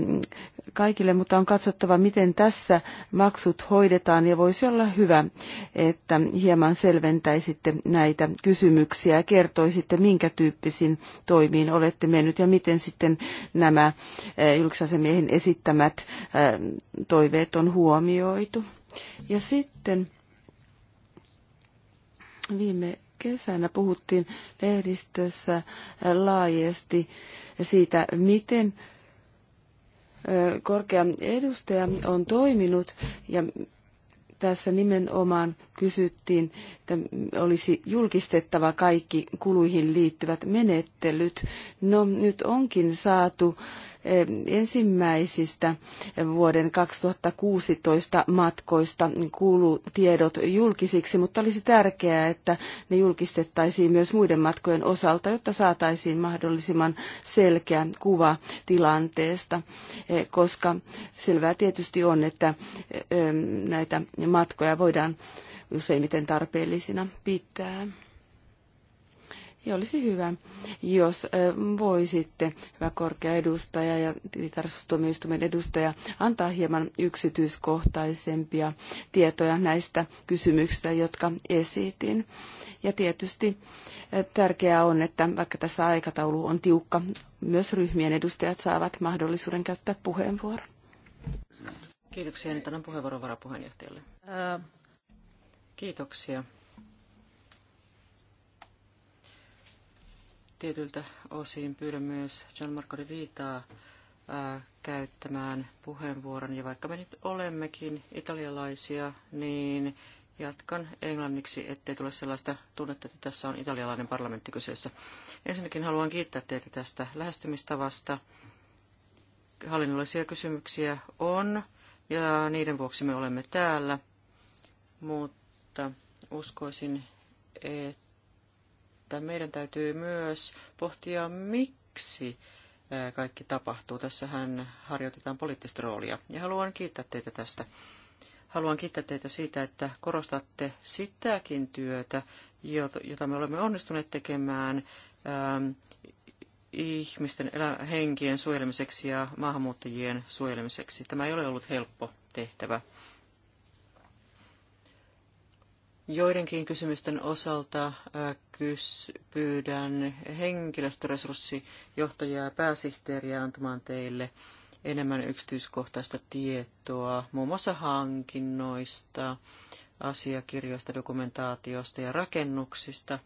kaikille, mutta on katsottava, miten tässä maksut hoidetaan ja voisi olla hyvä, että hieman selventäisitte näitä kysymyksiä ja kertoisitte, minkä tyyppisiin toimiin olette mennyt ja miten sitten nämä eh, julkisasemiehen esittämät eh, toiveet on huomioitu. Ja sitten viime kesänä puhuttiin lehdistössä eh, laajasti siitä, miten korkea edustaja on toiminut ja tässä nimenomaan kysyttiin, että olisi julkistettava kaikki kuluihin liittyvät menettelyt. No nyt onkin saatu ensimmäisistä vuoden 2016 matkoista tiedot julkisiksi, mutta olisi tärkeää, että ne julkistettaisiin myös muiden matkojen osalta, jotta saataisiin mahdollisimman selkeä kuva tilanteesta, e, koska selvää tietysti on, että näitä matkoja voidaan useimmiten tarpeellisina pitää. Ja olisi hyvä, jos voisitte, hyvä korkea edustaja ja tilintarkastustuomioistuimen edustaja, antaa hieman yksityiskohtaisempia tietoja näistä kysymyksistä, jotka esitin. Ja tietysti tärkeää on, että vaikka tässä aikataulu on tiukka, myös ryhmien edustajat saavat mahdollisuuden käyttää puheenvuoron. Kiitoksia. Nyt annan puheenvuoron varapuheenjohtajalle. Kiitoksia. tietyiltä osin pyydän myös John Marko de Viitaa ää, käyttämään puheenvuoron. Ja vaikka me nyt olemmekin italialaisia, niin jatkan englanniksi, ettei tule sellaista tunnetta, että tässä on italialainen parlamentti kyseessä. Ensinnäkin haluan kiittää teitä tästä lähestymistavasta. Hallinnollisia kysymyksiä on, ja niiden vuoksi me olemme täällä, mutta uskoisin, että että meidän täytyy myös pohtia, miksi kaikki tapahtuu. Tässähän harjoitetaan poliittista roolia. Ja haluan kiittää teitä tästä. Haluan kiittää teitä siitä, että korostatte sitäkin työtä, jota me olemme onnistuneet tekemään ihmisten henkien suojelemiseksi ja maahanmuuttajien suojelemiseksi. Tämä ei ole ollut helppo tehtävä. Joidenkin kysymysten osalta pyydän henkilöstöresurssijohtajaa ja pääsihteeriä antamaan teille enemmän yksityiskohtaista tietoa, muun muassa hankinnoista, asiakirjoista, dokumentaatiosta ja rakennuksista.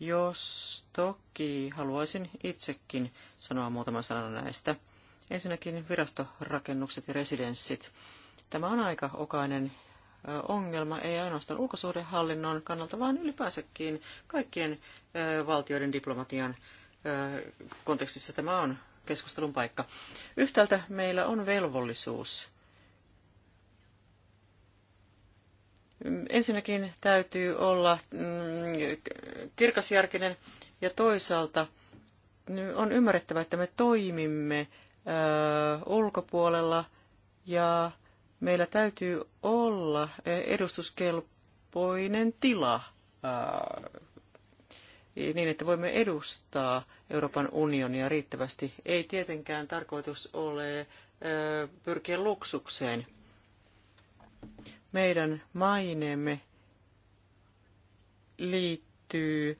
Jos toki haluaisin itsekin sanoa muutaman sanan näistä. Ensinnäkin virastorakennukset ja residenssit. Tämä on aika okainen ongelma ei ainoastaan ulkosuhdehallinnon kannalta, vaan ylipäänsäkin kaikkien valtioiden diplomatian kontekstissa tämä on keskustelun paikka. Yhtäältä meillä on velvollisuus. Ensinnäkin täytyy olla mm, kirkasjärkinen ja toisaalta on ymmärrettävä, että me toimimme ulkopuolella ja meillä täytyy olla eh, edustuskelpoinen tila niin, että voimme edustaa Euroopan unionia riittävästi. Ei tietenkään tarkoitus ole pyrkiä luksukseen. Meidän maineemme liittyy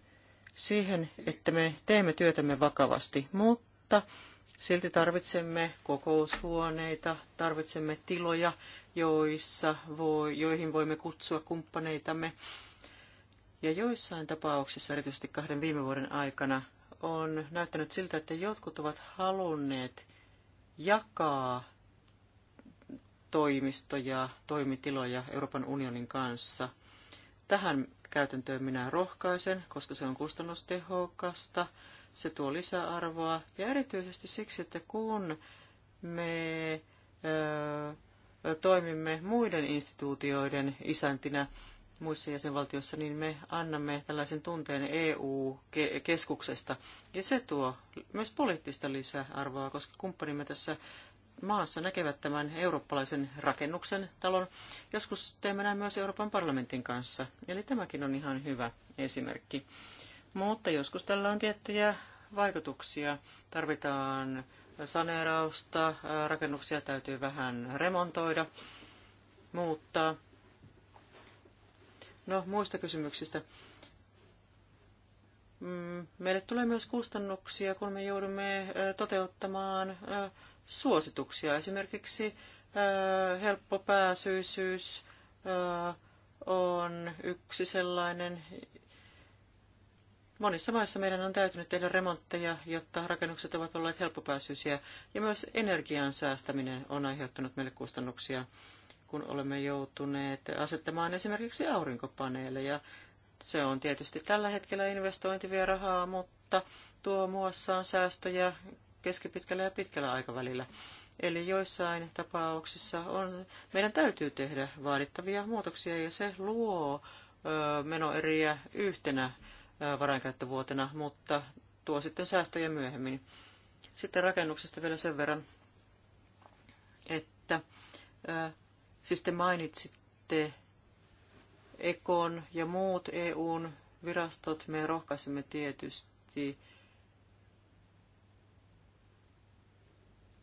siihen, että me teemme työtämme vakavasti, mutta Silti tarvitsemme kokoushuoneita, tarvitsemme tiloja, joissa voi, joihin voimme kutsua kumppaneitamme. Ja joissain tapauksissa, erityisesti kahden viime vuoden aikana, on näyttänyt siltä, että jotkut ovat halunneet jakaa toimistoja, toimitiloja Euroopan unionin kanssa. Tähän käytäntöön minä rohkaisen, koska se on kustannustehokasta se tuo lisäarvoa ja erityisesti siksi, että kun me ö, toimimme muiden instituutioiden isäntinä muissa jäsenvaltioissa, niin me annamme tällaisen tunteen EU-keskuksesta. Ja se tuo myös poliittista lisäarvoa, koska kumppanimme tässä maassa näkevät tämän eurooppalaisen rakennuksen talon. Joskus teemme näin myös Euroopan parlamentin kanssa. Eli tämäkin on ihan hyvä esimerkki. Mutta joskus tällä on tiettyjä vaikutuksia. Tarvitaan saneerausta, rakennuksia täytyy vähän remontoida, muuttaa. No, muista kysymyksistä. Mm, meille tulee myös kustannuksia, kun me joudumme toteuttamaan suosituksia. Esimerkiksi helppopääsyisyys on yksi sellainen, Monissa maissa meidän on täytynyt tehdä remontteja, jotta rakennukset ovat olleet helppopääsyisiä, ja myös energian säästäminen on aiheuttanut meille kustannuksia, kun olemme joutuneet asettamaan esimerkiksi aurinkopaneeleja. Se on tietysti tällä hetkellä investointi vie rahaa, mutta tuo muassaan säästöjä keskipitkällä ja pitkällä aikavälillä. Eli joissain tapauksissa on, meidän täytyy tehdä vaadittavia muutoksia ja se luo ö, menoeriä yhtenä varainkäyttövuotena, mutta tuo sitten säästöjä myöhemmin. Sitten rakennuksesta vielä sen verran, että siis te mainitsitte Ekon ja muut EUn virastot. Me rohkaisemme tietysti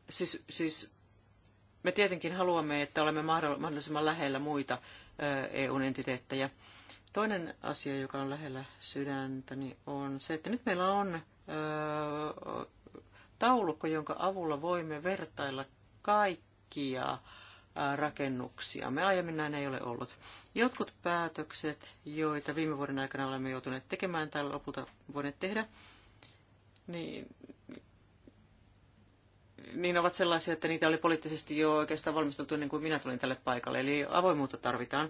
siis, siis me tietenkin haluamme, että olemme mahdollisimman lähellä muita EUn entiteettejä. Toinen asia, joka on lähellä sydäntäni, on se, että nyt meillä on taulukko, jonka avulla voimme vertailla kaikkia rakennuksia. Me aiemmin näin ei ole ollut. Jotkut päätökset, joita viime vuoden aikana olemme joutuneet tekemään tai lopulta voineet tehdä, niin, niin ovat sellaisia, että niitä oli poliittisesti jo oikeastaan valmisteltu ennen kuin minä tulin tälle paikalle. Eli avoimuutta tarvitaan.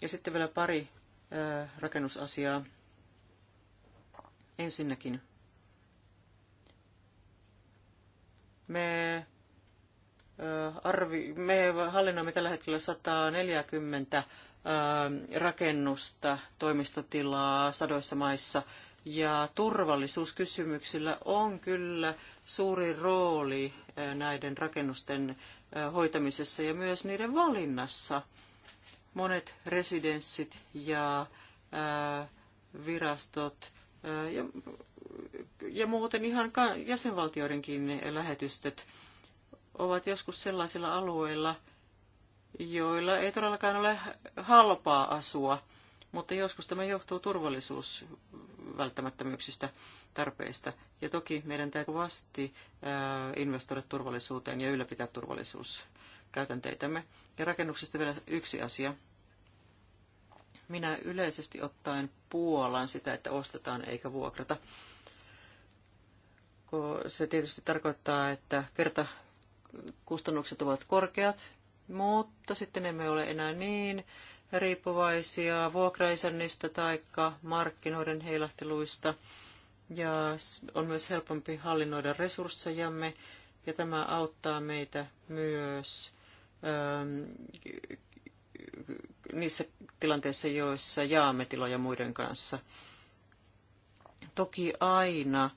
Ja sitten vielä pari rakennusasiaa. Ensinnäkin me, arvi, me hallinnoimme tällä hetkellä 140 rakennusta, toimistotilaa sadoissa maissa. Ja turvallisuuskysymyksillä on kyllä suuri rooli näiden rakennusten hoitamisessa ja myös niiden valinnassa – monet residenssit ja virastot ja, ja muuten ihan jäsenvaltioidenkin lähetystöt ovat joskus sellaisilla alueilla, joilla ei todellakaan ole halpaa asua, mutta joskus tämä johtuu turvallisuus välttämättömyyksistä tarpeista. Ja toki meidän täytyy vasti investoida turvallisuuteen ja ylläpitää turvallisuus käytänteitämme. Ja rakennuksista vielä yksi asia. Minä yleisesti ottaen puolan sitä, että ostetaan eikä vuokrata. Se tietysti tarkoittaa, että kerta kustannukset ovat korkeat, mutta sitten emme ole enää niin riippuvaisia vuokraisännistä tai markkinoiden heilahteluista. Ja on myös helpompi hallinnoida resurssejamme ja tämä auttaa meitä myös niissä tilanteissa, joissa jaamme tiloja muiden kanssa. Toki aina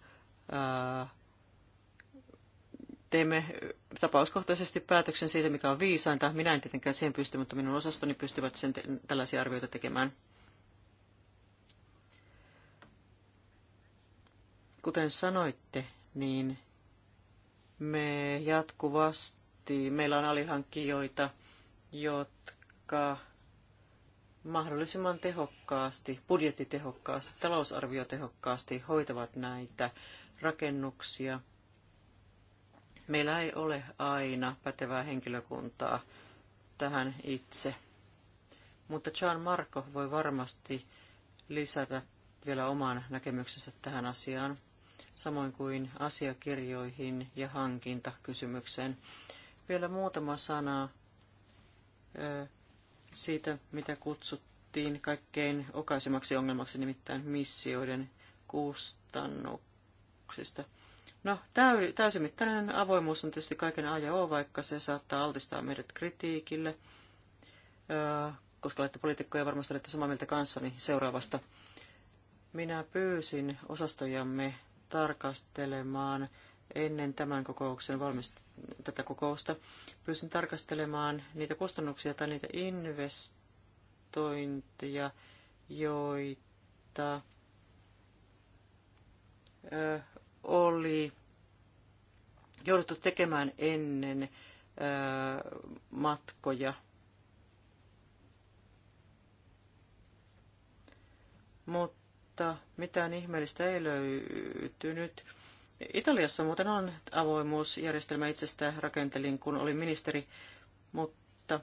teemme tapauskohtaisesti päätöksen siitä, mikä on viisainta. Minä en tietenkään siihen pysty, mutta minun osastoni pystyvät sen tällaisia arvioita tekemään. Kuten sanoitte, niin me jatkuvasti miettii. Meillä on alihankkijoita, jotka mahdollisimman tehokkaasti, budjettitehokkaasti, talousarviotehokkaasti hoitavat näitä rakennuksia. Meillä ei ole aina pätevää henkilökuntaa tähän itse. Mutta Jean Marko voi varmasti lisätä vielä oman näkemyksensä tähän asiaan, samoin kuin asiakirjoihin ja hankintakysymykseen. kysymykseen vielä muutama sana siitä, mitä kutsuttiin kaikkein okaisemmaksi ongelmaksi, nimittäin missioiden kustannuksista. No, täysimittainen avoimuus on tietysti kaiken A ja O, vaikka se saattaa altistaa meidät kritiikille, koska olette poliitikkoja varmasti olette samaa mieltä kanssani seuraavasta. Minä pyysin osastojamme tarkastelemaan ennen tämän kokouksen valmist- tätä kokousta pyysin tarkastelemaan niitä kustannuksia tai niitä investointeja, joita ö, oli jouduttu tekemään ennen ö, matkoja. Mutta mitään ihmeellistä ei löytynyt. Italiassa muuten on avoimuusjärjestelmä itsestä rakentelin, kun olin ministeri, mutta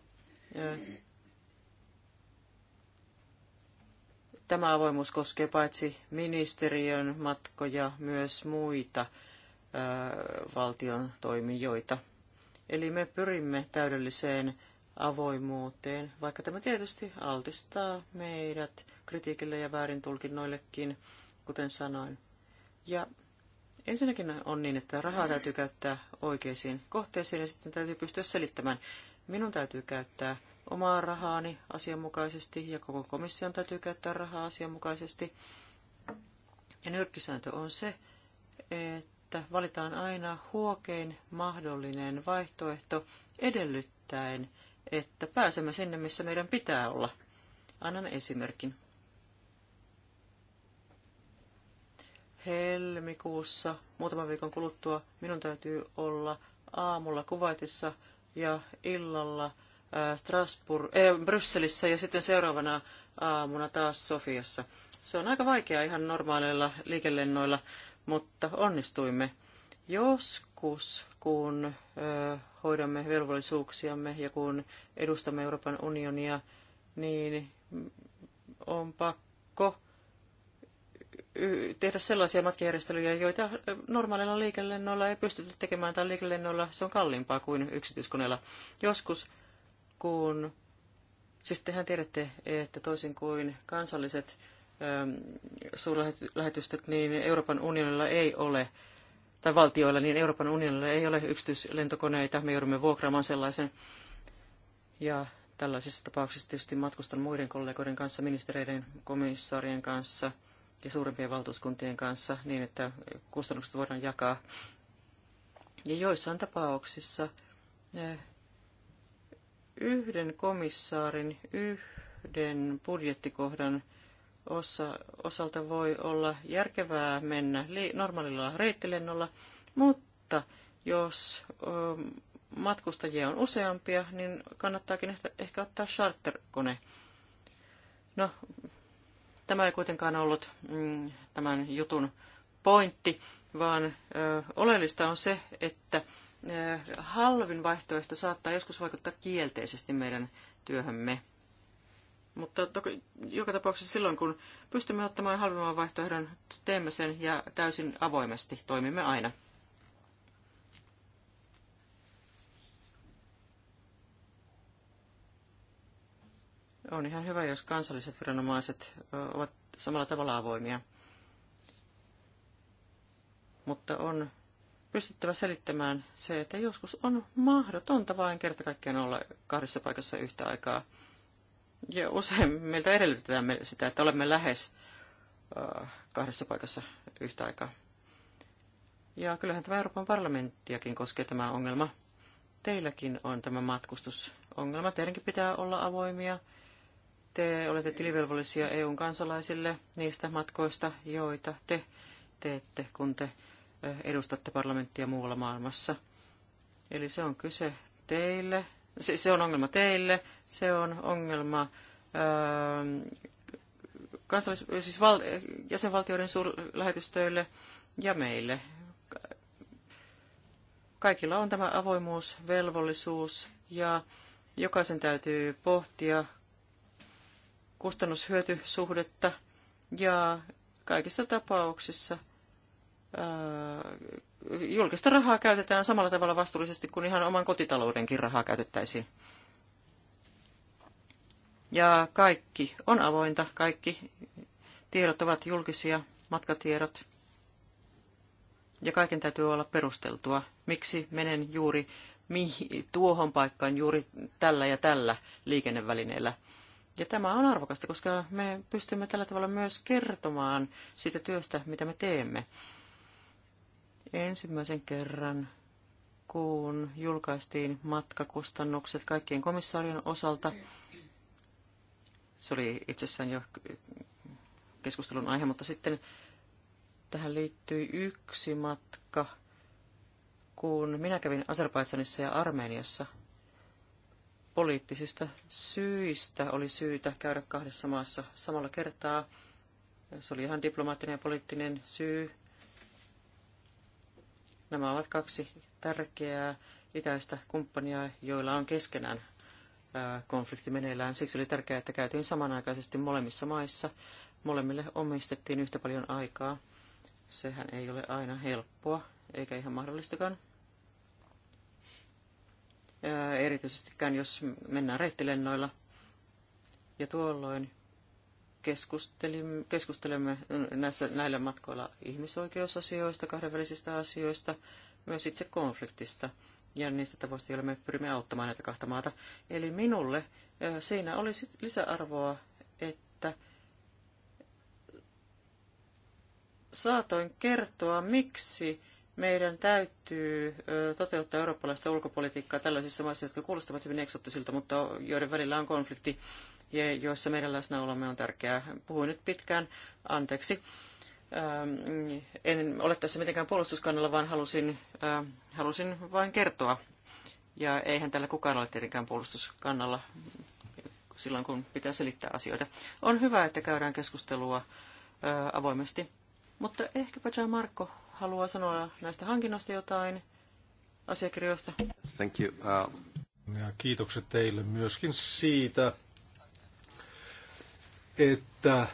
tämä avoimuus koskee paitsi ministeriön matkoja myös muita valtion toimijoita. Eli me pyrimme täydelliseen avoimuuteen, vaikka tämä tietysti altistaa meidät kritiikille ja väärintulkinnoillekin, kuten sanoin. Ja Ensinnäkin on niin, että rahaa täytyy käyttää oikeisiin kohteisiin ja sitten täytyy pystyä selittämään. Minun täytyy käyttää omaa rahaani asianmukaisesti ja koko komission täytyy käyttää rahaa asianmukaisesti. Ja nyrkkisääntö on se, että valitaan aina huokein mahdollinen vaihtoehto edellyttäen, että pääsemme sinne, missä meidän pitää olla. Annan esimerkin. helmikuussa, muutaman viikon kuluttua, minun täytyy olla aamulla Kuvaitissa ja illalla Strasbourg, äh, Brysselissä ja sitten seuraavana aamuna taas Sofiassa. Se on aika vaikeaa ihan normaaleilla liikelennoilla, mutta onnistuimme. Joskus, kun ö, hoidamme velvollisuuksiamme ja kun edustamme Euroopan unionia, niin on pakko tehdä sellaisia matkajärjestelyjä, joita normaaleilla liikelennoilla ei pystytä tekemään, tai liikelennoilla se on kalliimpaa kuin yksityiskoneella. Joskus, kun... Siis tehän tiedätte, että toisin kuin kansalliset suurlähetystöt, niin Euroopan unionilla ei ole, tai valtioilla, niin Euroopan unionilla ei ole yksityislentokoneita. Me joudumme vuokraamaan sellaisen. Ja tällaisissa tapauksissa tietysti matkustan muiden kollegoiden kanssa, ministereiden, komissaarien kanssa – ja suurempien valtuuskuntien kanssa niin, että kustannukset voidaan jakaa. Ja joissain tapauksissa eh, yhden komissaarin, yhden budjettikohdan osa, osalta voi olla järkevää mennä li, normaalilla reittilennolla, mutta jos ö, eh, matkustajia on useampia, niin kannattaakin ehkä, ehkä ottaa charterkone. No, Tämä ei kuitenkaan ollut mm, tämän jutun pointti, vaan oleellista on se, että halvin vaihtoehto saattaa joskus vaikuttaa kielteisesti meidän työhömme. Mutta toki, joka tapauksessa silloin, kun pystymme ottamaan halvimman vaihtoehdon, teemme sen ja täysin avoimesti toimimme aina. on ihan hyvä, jos kansalliset viranomaiset ovat samalla tavalla avoimia. Mutta on pystyttävä selittämään se, että joskus on mahdotonta vain kerta kaikkiaan olla kahdessa paikassa yhtä aikaa. Ja usein meiltä edellytetään sitä, että olemme lähes kahdessa paikassa yhtä aikaa. Ja kyllähän tämä Euroopan parlamenttiakin koskee tämä ongelma. Teilläkin on tämä matkustusongelma. Teidänkin pitää olla avoimia te olette tilivelvollisia EUn kansalaisille niistä matkoista, joita te teette, kun te edustatte parlamenttia muualla maailmassa. Eli se on kyse teille, se on ongelma teille, se on ongelma kansallis- siis val- jäsenvaltioiden lähetystöille ja meille. Kaikilla on tämä avoimuusvelvollisuus ja jokaisen täytyy pohtia kustannushyötysuhdetta ja kaikissa tapauksissa julkista rahaa käytetään samalla tavalla vastuullisesti kuin ihan oman kotitaloudenkin rahaa käytettäisiin. Ja kaikki on avointa, kaikki tiedot ovat julkisia, matkatiedot. Ja kaiken täytyy olla perusteltua. Miksi menen juuri mihin, tuohon paikkaan juuri tällä ja tällä liikennevälineellä? Ja tämä on arvokasta, koska me pystymme tällä tavalla myös kertomaan siitä työstä, mitä me teemme. Ensimmäisen kerran, kun julkaistiin matkakustannukset kaikkien komissaarien osalta, se oli itsessään jo keskustelun aihe, mutta sitten tähän liittyi yksi matka, kun minä kävin Azerbaidsanissa ja Armeniassa – poliittisista syistä oli syytä käydä kahdessa maassa samalla kertaa. Se oli ihan diplomaattinen ja poliittinen syy. Nämä ovat kaksi tärkeää itäistä kumppania, joilla on keskenään konflikti meneillään. Siksi oli tärkeää, että käytiin samanaikaisesti molemmissa maissa. Molemmille omistettiin yhtä paljon aikaa. Sehän ei ole aina helppoa, eikä ihan mahdollistakaan erityisestikään jos mennään reittilennoilla. Ja tuolloin keskustelemme näissä, näillä matkoilla ihmisoikeusasioista, kahdenvälisistä asioista, myös itse konfliktista ja niistä tavoista, joilla me pyrimme auttamaan näitä kahta maata. Eli minulle siinä oli lisäarvoa, että saatoin kertoa, miksi meidän täytyy toteuttaa eurooppalaista ulkopolitiikkaa tällaisissa maissa, jotka kuulostavat hyvin eksottisilta, mutta joiden välillä on konflikti ja joissa meidän läsnäolomme on tärkeää. Puhuin nyt pitkään, anteeksi. En ole tässä mitenkään puolustuskannalla, vaan halusin, halusin vain kertoa. Ja eihän tällä kukaan ole tietenkään puolustuskannalla silloin, kun pitää selittää asioita. On hyvä, että käydään keskustelua avoimesti. Mutta ehkäpä Gian Marko haluaa sanoa näistä hankinnoista jotain asiakirjoista? Thank you. Uh... Ja kiitokset teille myöskin siitä, että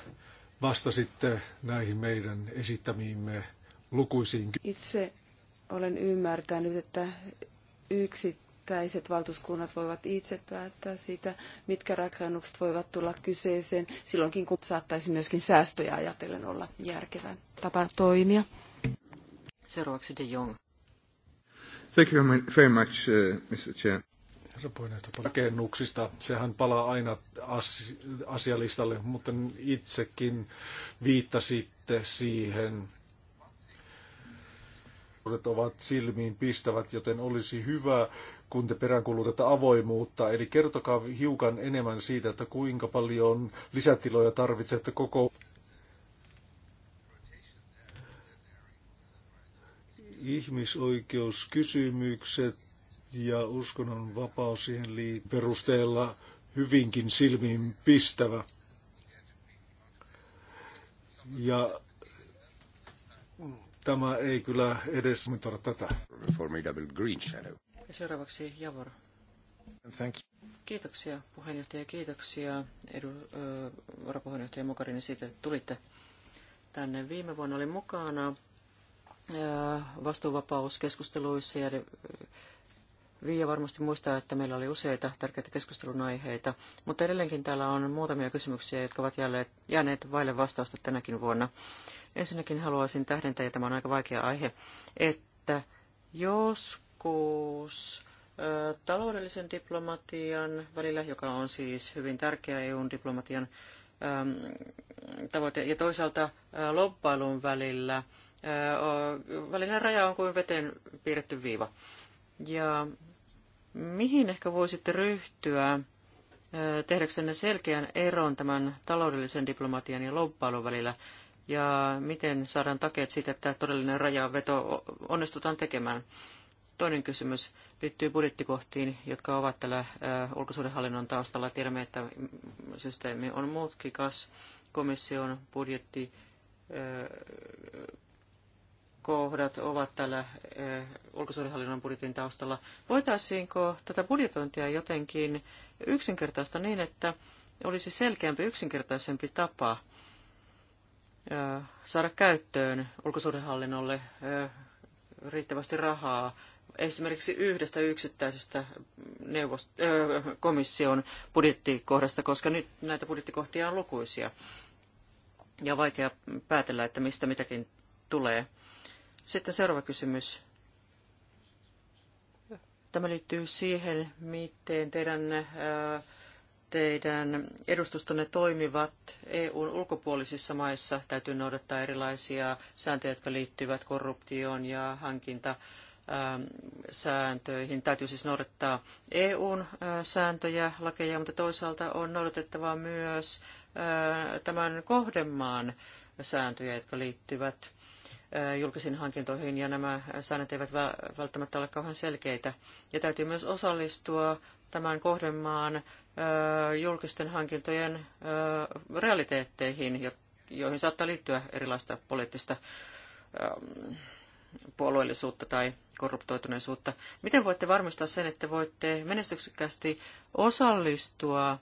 vastasitte näihin meidän esittämiimme lukuisiin. Itse olen ymmärtänyt, että yksittäiset valtuuskunnat voivat itse päättää siitä, mitkä rakennukset voivat tulla kyseeseen, silloinkin kun saattaisi myöskin säästöjä ajatellen olla järkevä tapa toimia. Seuraavaksi De Jong. Thank you very much, uh, Mr. Chair. Rakennuksista. Sehän palaa aina asialistalle, mutta itsekin viittasitte siihen. ovat silmiin pistävät, joten olisi hyvä, kun te peräänkuulutatte avoimuutta. Eli kertokaa hiukan enemmän siitä, että kuinka paljon lisätiloja tarvitsette koko ihmisoikeuskysymykset ja uskonnon vapausien liit- perusteella hyvinkin silmiin pistävä. Ja tämä ei kyllä edes kommentoida tätä. Ja seuraavaksi Javor. Thank you. Kiitoksia puheenjohtaja, kiitoksia edu, varapuheenjohtaja Mokarinen siitä, että tulitte tänne. Viime vuonna oli mukana vastuuvapauskeskusteluissa ja Viia varmasti muistaa, että meillä oli useita tärkeitä keskustelun aiheita, mutta edelleenkin täällä on muutamia kysymyksiä, jotka ovat jääneet vaille vastausta tänäkin vuonna. Ensinnäkin haluaisin tähdentää, ja tämä on aika vaikea aihe, että joskus taloudellisen diplomatian välillä, joka on siis hyvin tärkeä eu diplomatian tavoite, ja toisaalta lobbailun välillä – välinen raja on kuin veteen piirretty viiva. Ja mihin ehkä voisitte ryhtyä tehdäksenne selkeän eron tämän taloudellisen diplomatian ja loppailun välillä, ja miten saadaan takeet siitä, että todellinen rajanveto onnistutaan tekemään? Toinen kysymys liittyy budjettikohtiin, jotka ovat tällä ulkosuudenhallinnon taustalla. Tiedämme, että systeemi on muutkikas. Komission budjetti kohdat ovat täällä eh, ulkosuudenhallinnon budjetin taustalla. Voitaisiinko tätä budjetointia jotenkin yksinkertaista niin, että olisi selkeämpi, yksinkertaisempi tapa eh, saada käyttöön ulkosuudenhallinnolle eh, riittävästi rahaa esimerkiksi yhdestä yksittäisestä neuvost- komission budjettikohdasta, koska nyt näitä budjettikohtia on lukuisia ja vaikea päätellä, että mistä mitäkin tulee. Sitten seuraava kysymys. Tämä liittyy siihen, miten teidän, teidän edustustonne toimivat EUn ulkopuolisissa maissa. Täytyy noudattaa erilaisia sääntöjä, jotka liittyvät korruptioon ja hankinta sääntöihin. Täytyy siis noudattaa EUn sääntöjä, lakeja, mutta toisaalta on noudatettava myös tämän kohdemaan sääntöjä, jotka liittyvät julkisiin hankintoihin ja nämä säännöt eivät välttämättä ole kauhean selkeitä. Ja täytyy myös osallistua tämän kohdemaan julkisten hankintojen realiteetteihin, joihin saattaa liittyä erilaista poliittista puolueellisuutta tai korruptoituneisuutta. Miten voitte varmistaa sen, että voitte menestyksekkäästi osallistua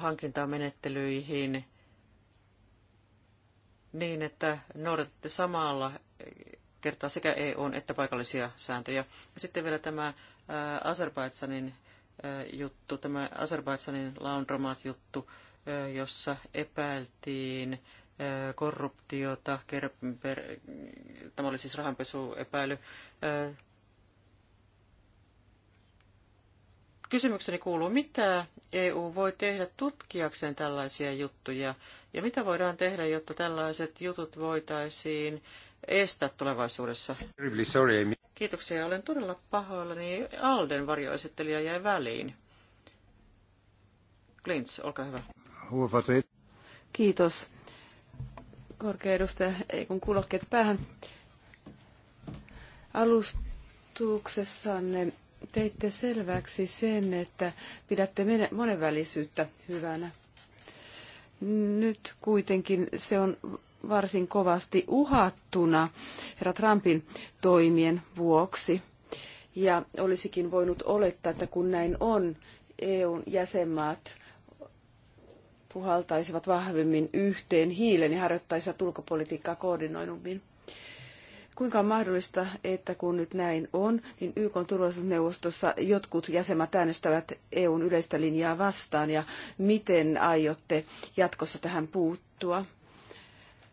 hankintamenettelyihin menettelyihin niin, että noudatatte samalla kertaa sekä EU- että paikallisia sääntöjä. Ja sitten vielä tämä Azerbaidsanin juttu, tämä Azerbaidsanin laundromat-juttu, jossa epäiltiin korruptiota, tämä oli siis rahanpesuepäily, Kysymykseni kuuluu, mitä EU voi tehdä tutkiakseen tällaisia juttuja ja mitä voidaan tehdä, jotta tällaiset jutut voitaisiin estää tulevaisuudessa? Kiitoksia, olen todella pahoillani. Alden varjoesittelijä jäi väliin. Klints, olkaa hyvä. Kiitos. Korkea edustaja, ei kun kuulokkeet päähän. Alustuksessanne teitte selväksi sen, että pidätte monenvälisyyttä hyvänä. Nyt kuitenkin se on varsin kovasti uhattuna herra Trumpin toimien vuoksi. Ja olisikin voinut olettaa, että kun näin on, EUn jäsenmaat puhaltaisivat vahvemmin yhteen hiilen ja harjoittaisivat ulkopolitiikkaa koordinoidummin. Kuinka on mahdollista, että kun nyt näin on, niin YK turvallisuusneuvostossa jotkut jäsenmaat äänestävät EUn yleistä linjaa vastaan ja miten aiotte jatkossa tähän puuttua?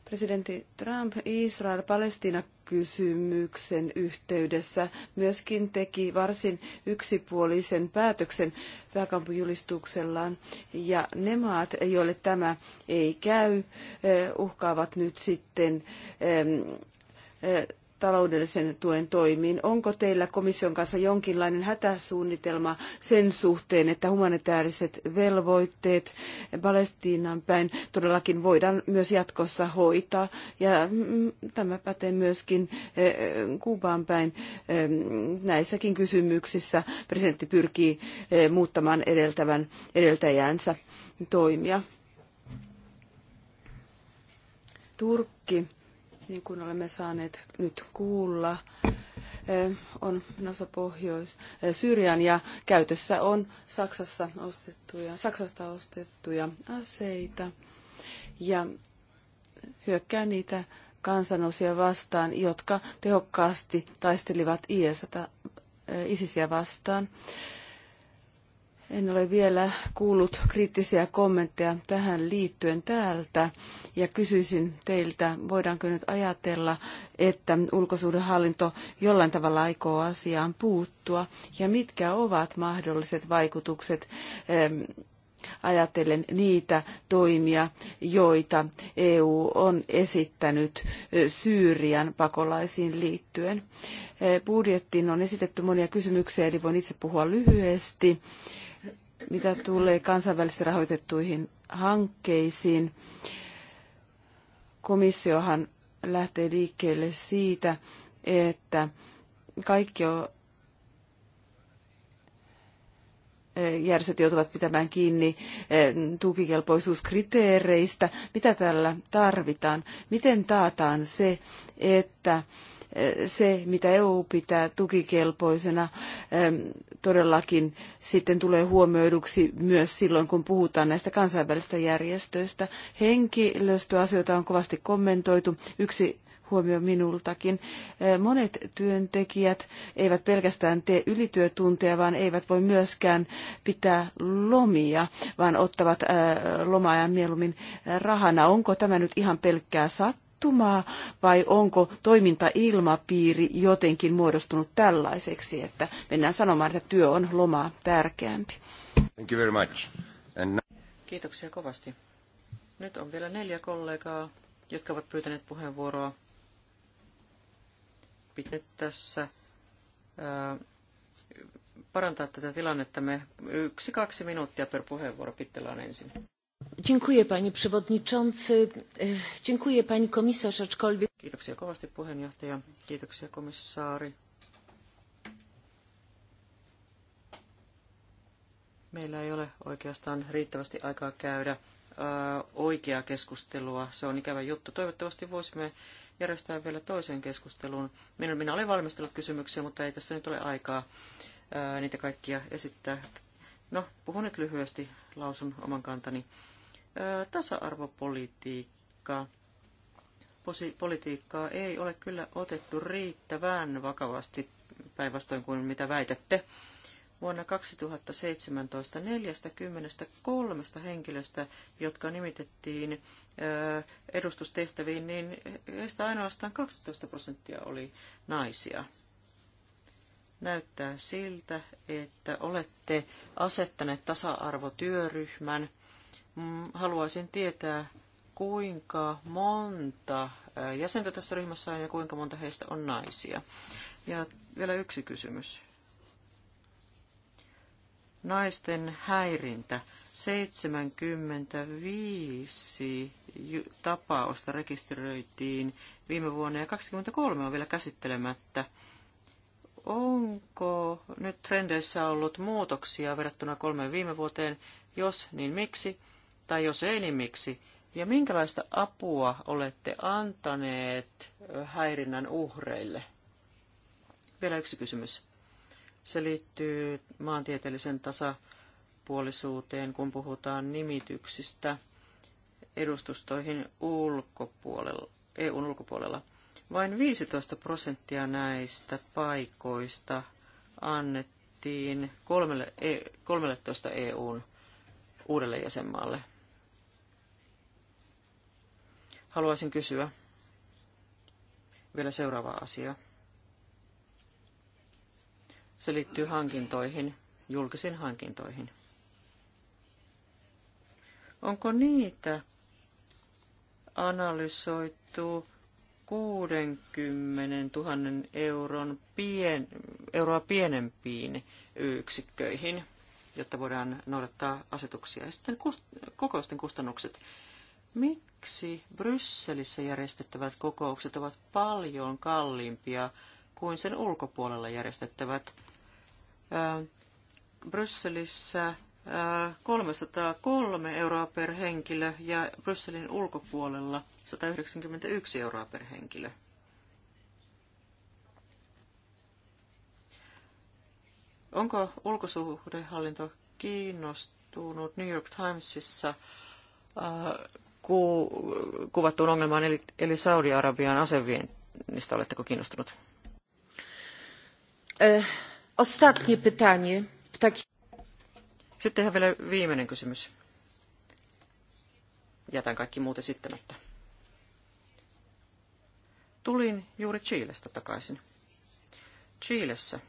Presidentti Trump Israel-Palestina-kysymyksen yhteydessä myöskin teki varsin yksipuolisen päätöksen pääkampujulistuksellaan. Ja ne maat, joille tämä ei käy, eh, uhkaavat nyt sitten taloudellisen tuen toimiin. Onko teillä komission kanssa jonkinlainen hätäsuunnitelma sen suhteen, että humanitaariset velvoitteet Palestiinan päin todellakin voidaan myös jatkossa hoitaa? Ja mm, mm, tämä pätee myöskin Kuubaan päin. Näissäkin kysymyksissä presidentti pyrkii muuttamaan edeltävän, edeltäjänsä toimia. Turkki niin kuin olemme saaneet nyt kuulla, eh, on NASA Pohjois-Syyrian eh, ja käytössä on Saksassa ostettuja, Saksasta ostettuja aseita ja hyökkää niitä kansanosia vastaan, jotka tehokkaasti taistelivat eh, ISISiä vastaan. En ole vielä kuullut kriittisiä kommentteja tähän liittyen täältä ja kysyisin teiltä, voidaanko nyt ajatella, että ulkosuudenhallinto jollain tavalla aikoo asiaan puuttua ja mitkä ovat mahdolliset vaikutukset ajatellen niitä toimia, joita EU on esittänyt Syyrian pakolaisiin liittyen. Budjettiin on esitetty monia kysymyksiä, eli voin itse puhua lyhyesti mitä tulee kansainvälisesti rahoitettuihin hankkeisiin. Komissiohan lähtee liikkeelle siitä, että kaikki e, järjestöt joutuvat pitämään kiinni e, tukikelpoisuuskriteereistä. Mitä tällä tarvitaan? Miten taataan se, että e, se, mitä EU pitää tukikelpoisena, todellakin sitten tulee huomioiduksi myös silloin, kun puhutaan näistä kansainvälisistä järjestöistä. Henkilöstöasioita on kovasti kommentoitu. Yksi huomio minultakin. Monet työntekijät eivät pelkästään tee ylityötunteja, vaan eivät voi myöskään pitää lomia, vaan ottavat lomaa ja mieluummin rahana. Onko tämä nyt ihan pelkkää sattumaa? tapahtumaa vai onko toimintailmapiiri jotenkin muodostunut tällaiseksi, että mennään sanomaan, että työ on lomaa tärkeämpi? Thank you very much. And... Kiitoksia kovasti. Nyt on vielä neljä kollegaa, jotka ovat pyytäneet puheenvuoroa. Nyt tässä ää, parantaa tätä tilannetta. Me yksi, kaksi minuuttia per puheenvuoro pitellään ensin panie przewodniczący, eh, dziękuję pani komisarz, aczkolwiek... Kiitoksia komissaari. Meillä ei ole oikeastaan riittävästi aikaa käydä eh, oikeaa keskustelua. Se on ikävä juttu. Toivottavasti voisimme järjestää vielä toisen keskustelun. Minä, minä olen valmistellut kysymyksiä, mutta ei tässä nyt ole aikaa eh, niitä kaikkia esittää. No, puhun nyt lyhyesti, lausun oman kantani tasa-arvopolitiikkaa. Politiikkaa ei ole kyllä otettu riittävän vakavasti päinvastoin kuin mitä väitätte. Vuonna 2017 43 henkilöstä, jotka nimitettiin edustustehtäviin, niin heistä ainoastaan 12 prosenttia oli naisia näyttää siltä, että olette asettaneet tasa-arvotyöryhmän Mm, haluaisin tietää, kuinka monta jäsentä tässä ryhmässä on ja kuinka monta heistä on naisia. Ja vielä yksi kysymys. Naisten häirintä. 75 tapausta rekisteröitiin viime vuonna ja 23 on vielä käsittelemättä. Onko nyt trendeissä ollut muutoksia verrattuna kolmeen viime vuoteen? Jos, niin miksi? tai jos ei, niin miksi? Ja minkälaista apua olette antaneet häirinnän uhreille? Vielä yksi kysymys. Se liittyy maantieteellisen tasapuolisuuteen, kun puhutaan nimityksistä edustustoihin ulkopuolella, EUn ulkopuolella. Vain 15 prosenttia näistä paikoista annettiin 13 e, EUn uudelle jäsenmaalle – Haluaisin kysyä vielä seuraava asia. Se liittyy hankintoihin, julkisiin hankintoihin. Onko niitä analysoitu 60 000 euron pien, euroa pienempiin yksikköihin, jotta voidaan noudattaa asetuksia. Ja sitten kust, kokousten kustannukset. Mitä? Siksi Brysselissä järjestettävät kokoukset ovat paljon kalliimpia kuin sen ulkopuolella järjestettävät. Brysselissä 303 euroa per henkilö ja Brysselin ulkopuolella 191 euroa per henkilö. Onko ulkosuhdehallinto kiinnostunut New York Timesissa kuvattuun ongelmaan, eli, eli Saudi-Arabian aseviennistä. Oletteko kiinnostunut? Eh, Sitten ihan vielä viimeinen kysymys. Jätän kaikki muut esittämättä. Tulin juuri Chiilestä takaisin. Chiilessä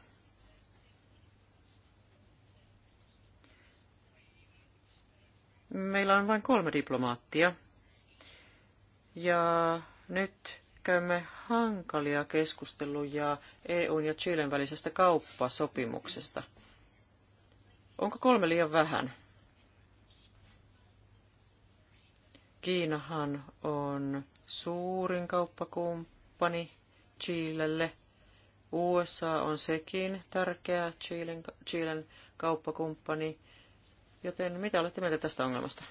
meillä on vain kolme diplomaattia ja nyt käymme hankalia keskusteluja EUn ja Chilen välisestä kauppasopimuksesta. Onko kolme liian vähän? Kiinahan on suurin kauppakumppani Chilelle. USA on sekin tärkeä Chilen, Chilen kauppakumppani. Joten mitä olette mieltä tästä ongelmasta?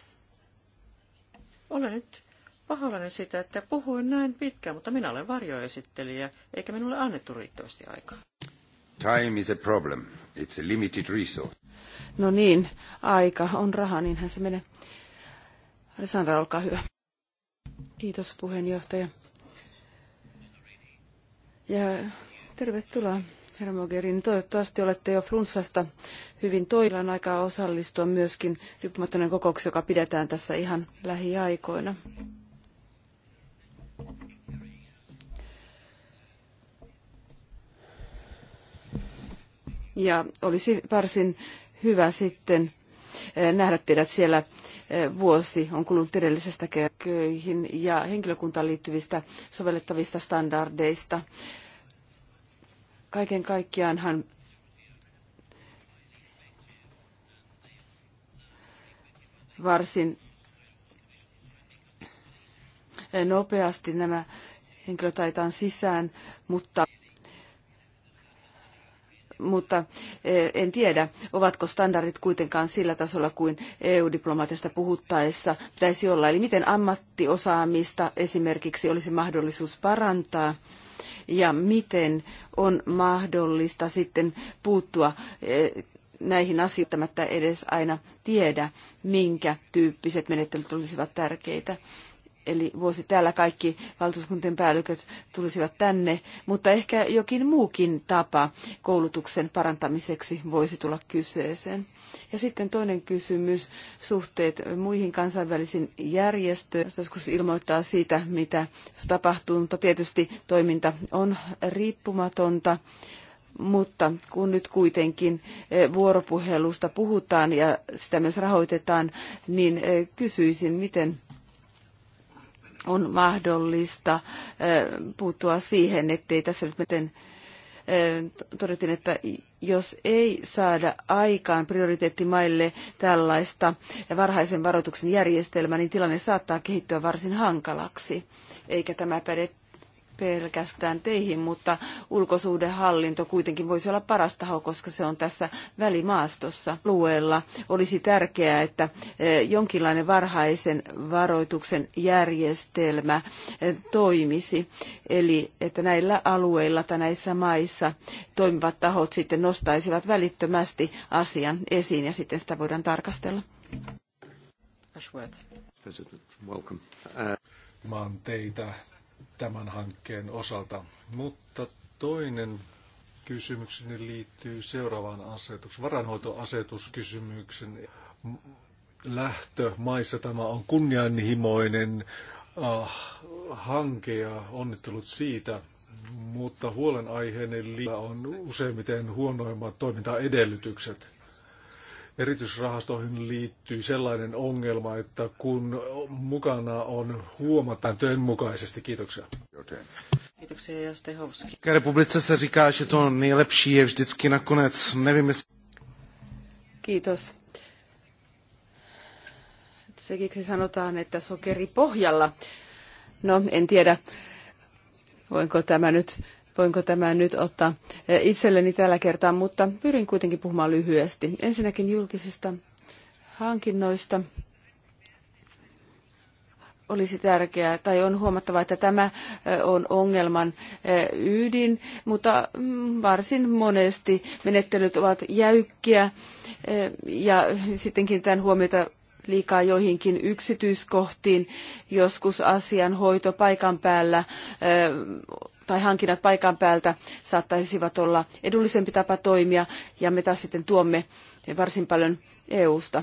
Olen nyt pahoillani sitä, että puhuin näin pitkään, mutta minä olen varjoesittelijä, eikä minulle annettu riittävästi aikaa. Time is a problem. It's a limited resource. No niin, aika on raha, niinhän se menee. Alessandra, olkaa hyvä. Kiitos puheenjohtaja. Ja tervetuloa, herra Mogherini. Toivottavasti olette jo flunssasta hyvin toillaan aikaa osallistua myöskin riippumattoman kokouksi, joka pidetään tässä ihan lähiaikoina. ja olisi varsin hyvä sitten eh, nähdä teidät siellä eh, vuosi on kulunut edellisestä köihin ja henkilökuntaan liittyvistä sovellettavista standardeista. Kaiken kaikkiaanhan varsin eh, nopeasti nämä henkilöt aitaan sisään, mutta mutta eh, en tiedä, ovatko standardit kuitenkaan sillä tasolla kuin EU-diplomaatista puhuttaessa pitäisi olla. Eli miten ammattiosaamista esimerkiksi olisi mahdollisuus parantaa ja miten on mahdollista sitten puuttua eh, näihin asioihin, että edes aina tiedä, minkä tyyppiset menettelyt olisivat tärkeitä eli vuosi täällä kaikki valtuuskuntien päälliköt tulisivat tänne, mutta ehkä jokin muukin tapa koulutuksen parantamiseksi voisi tulla kyseeseen. Ja sitten toinen kysymys, suhteet muihin kansainvälisiin järjestöihin. Joskus ilmoittaa siitä, mitä tapahtuu, mutta tietysti toiminta on riippumatonta mutta kun nyt kuitenkin eh, vuoropuhelusta puhutaan ja sitä myös rahoitetaan, niin eh, kysyisin, miten on mahdollista eh, puuttua siihen, ettei tässä nyt miten eh, todettiin, että jos ei saada aikaan prioriteettimaille tällaista varhaisen varoituksen järjestelmää, niin tilanne saattaa kehittyä varsin hankalaksi, eikä tämä päde pelkästään teihin, mutta ulkosuhdehallinto kuitenkin voisi olla paras taho, koska se on tässä välimaastossa alueella. Olisi tärkeää, että e, jonkinlainen varhaisen varoituksen järjestelmä e, toimisi, eli että näillä alueilla tai näissä maissa toimivat tahot sitten nostaisivat välittömästi asian esiin ja sitten sitä voidaan tarkastella. Ashworth. President, welcome. Uh... Mä teitä tämän hankkeen osalta. Mutta toinen kysymykseni liittyy seuraavaan asetukseen, varanhoitoasetuskysymyksen lähtömaissa. Tämä on kunnianhimoinen ah, hanke ja onnittelut siitä, mutta huolenaiheinen on useimmiten huonoimmat toimintaedellytykset erityisrahastoihin liittyy sellainen ongelma, että kun mukana on huomattain työn mukaisesti. Kiitoksia. Kiitoksia, Jastehovski. Republice se říká, že to nejlepší je vždycky nakonec. Nevím, jestli... Kiitos. Sekin sanotaan, että sokeri pohjalla. No, en tiedä, voinko tämä nyt voinko tämä nyt ottaa eh, itselleni tällä kertaa, mutta pyrin kuitenkin puhumaan lyhyesti. Ensinnäkin julkisista hankinnoista olisi tärkeää tai on huomattava, että tämä eh, on ongelman eh, ydin, mutta mm, varsin monesti menettelyt ovat jäykkiä ja sittenkin tämän huomiota liikaa joihinkin yksityiskohtiin. Joskus asian hoito paikan päällä tai hankinnat paikan päältä saattaisivat olla edullisempi tapa toimia, ja me taas sitten tuomme varsin paljon EU-sta.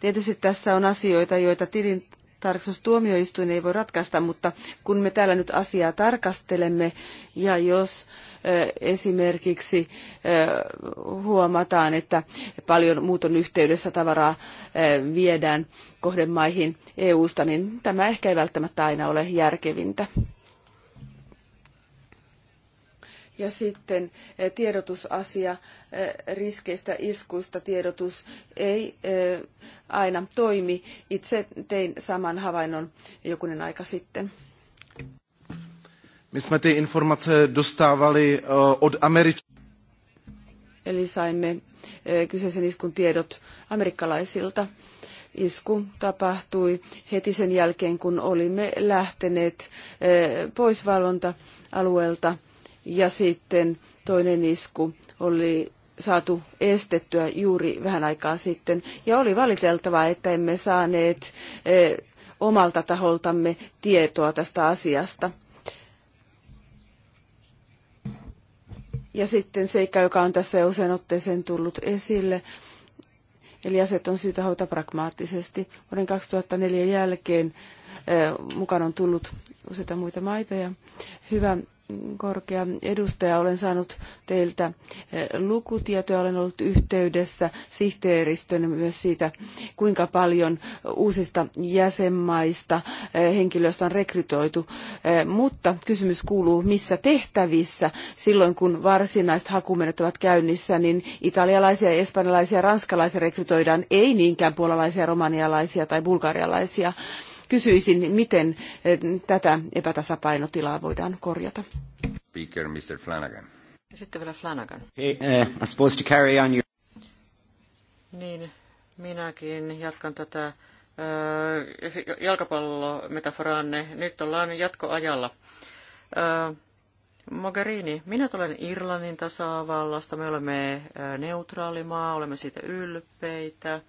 Tietysti tässä on asioita, joita tilin tarkastustuomioistuin ei voi ratkaista, mutta kun me täällä nyt asiaa tarkastelemme ja jos esimerkiksi huomataan, että paljon muuton yhteydessä tavaraa viedään kohdemaihin EU-sta, niin tämä ehkä ei välttämättä aina ole järkevintä. Ja sitten eh, tiedotusasia eh, riskeistä iskuista tiedotus ei eh, aina toimi. Itse tein saman havainnon jokunen aika sitten. Me jsme dostávali od Eli saimme kyseisen iskun tiedot amerikkalaisilta. Isku tapahtui heti sen jälkeen, kun olimme lähteneet pois valvonta-alueelta ja sitten toinen isku oli saatu estettyä juuri vähän aikaa sitten. Ja oli valiteltavaa, että emme saaneet eh, omalta taholtamme tietoa tästä asiasta. Ja sitten seikka, joka on tässä usein otteeseen tullut esille, eli aset on syytä hoitaa pragmaattisesti. Vuoden 2004 jälkeen eh, mukaan on tullut useita muita maita ja hyvä korkea edustaja, olen saanut teiltä eh, lukutietoja, olen ollut yhteydessä sihteeristön myös siitä, kuinka paljon uusista jäsenmaista eh, henkilöstä on rekrytoitu. Eh, mutta kysymys kuuluu, missä tehtävissä silloin, kun varsinaiset hakumenet ovat käynnissä, niin italialaisia, espanjalaisia ja ranskalaisia rekrytoidaan, ei niinkään puolalaisia, romanialaisia tai bulgarialaisia kysyisin, miten eh, tätä epätasapainotilaa voidaan korjata. Speaker, Mr. Flanagan. Ja sitten vielä Flanagan. Hey, uh, supposed to carry on your... Niin, minäkin jatkan tätä eh, jalkapallometaforaanne. Nyt ollaan jatkoajalla. Eh, Mogherini, minä tulen Irlannin tasavallasta. Me olemme neutraali maa, olemme siitä ylpeitä.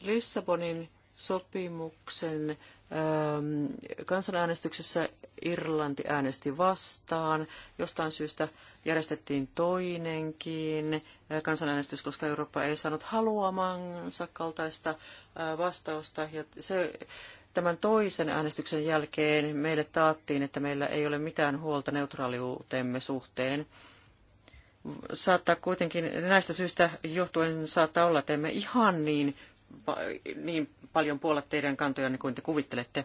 Lissabonin sopimuksen ähm, kansanäänestyksessä Irlanti äänesti vastaan. Jostain syystä järjestettiin toinenkin äh, kansanäänestys, koska Eurooppa ei saanut haluamansa kaltaista äh, vastausta. Ja se, tämän toisen äänestyksen jälkeen meille taattiin, että meillä ei ole mitään huolta neutraaliutemme suhteen. Saattaa kuitenkin, näistä syistä johtuen saattaa olla, että emme ihan niin niin paljon puolla teidän kantojanne kuin te kuvittelette.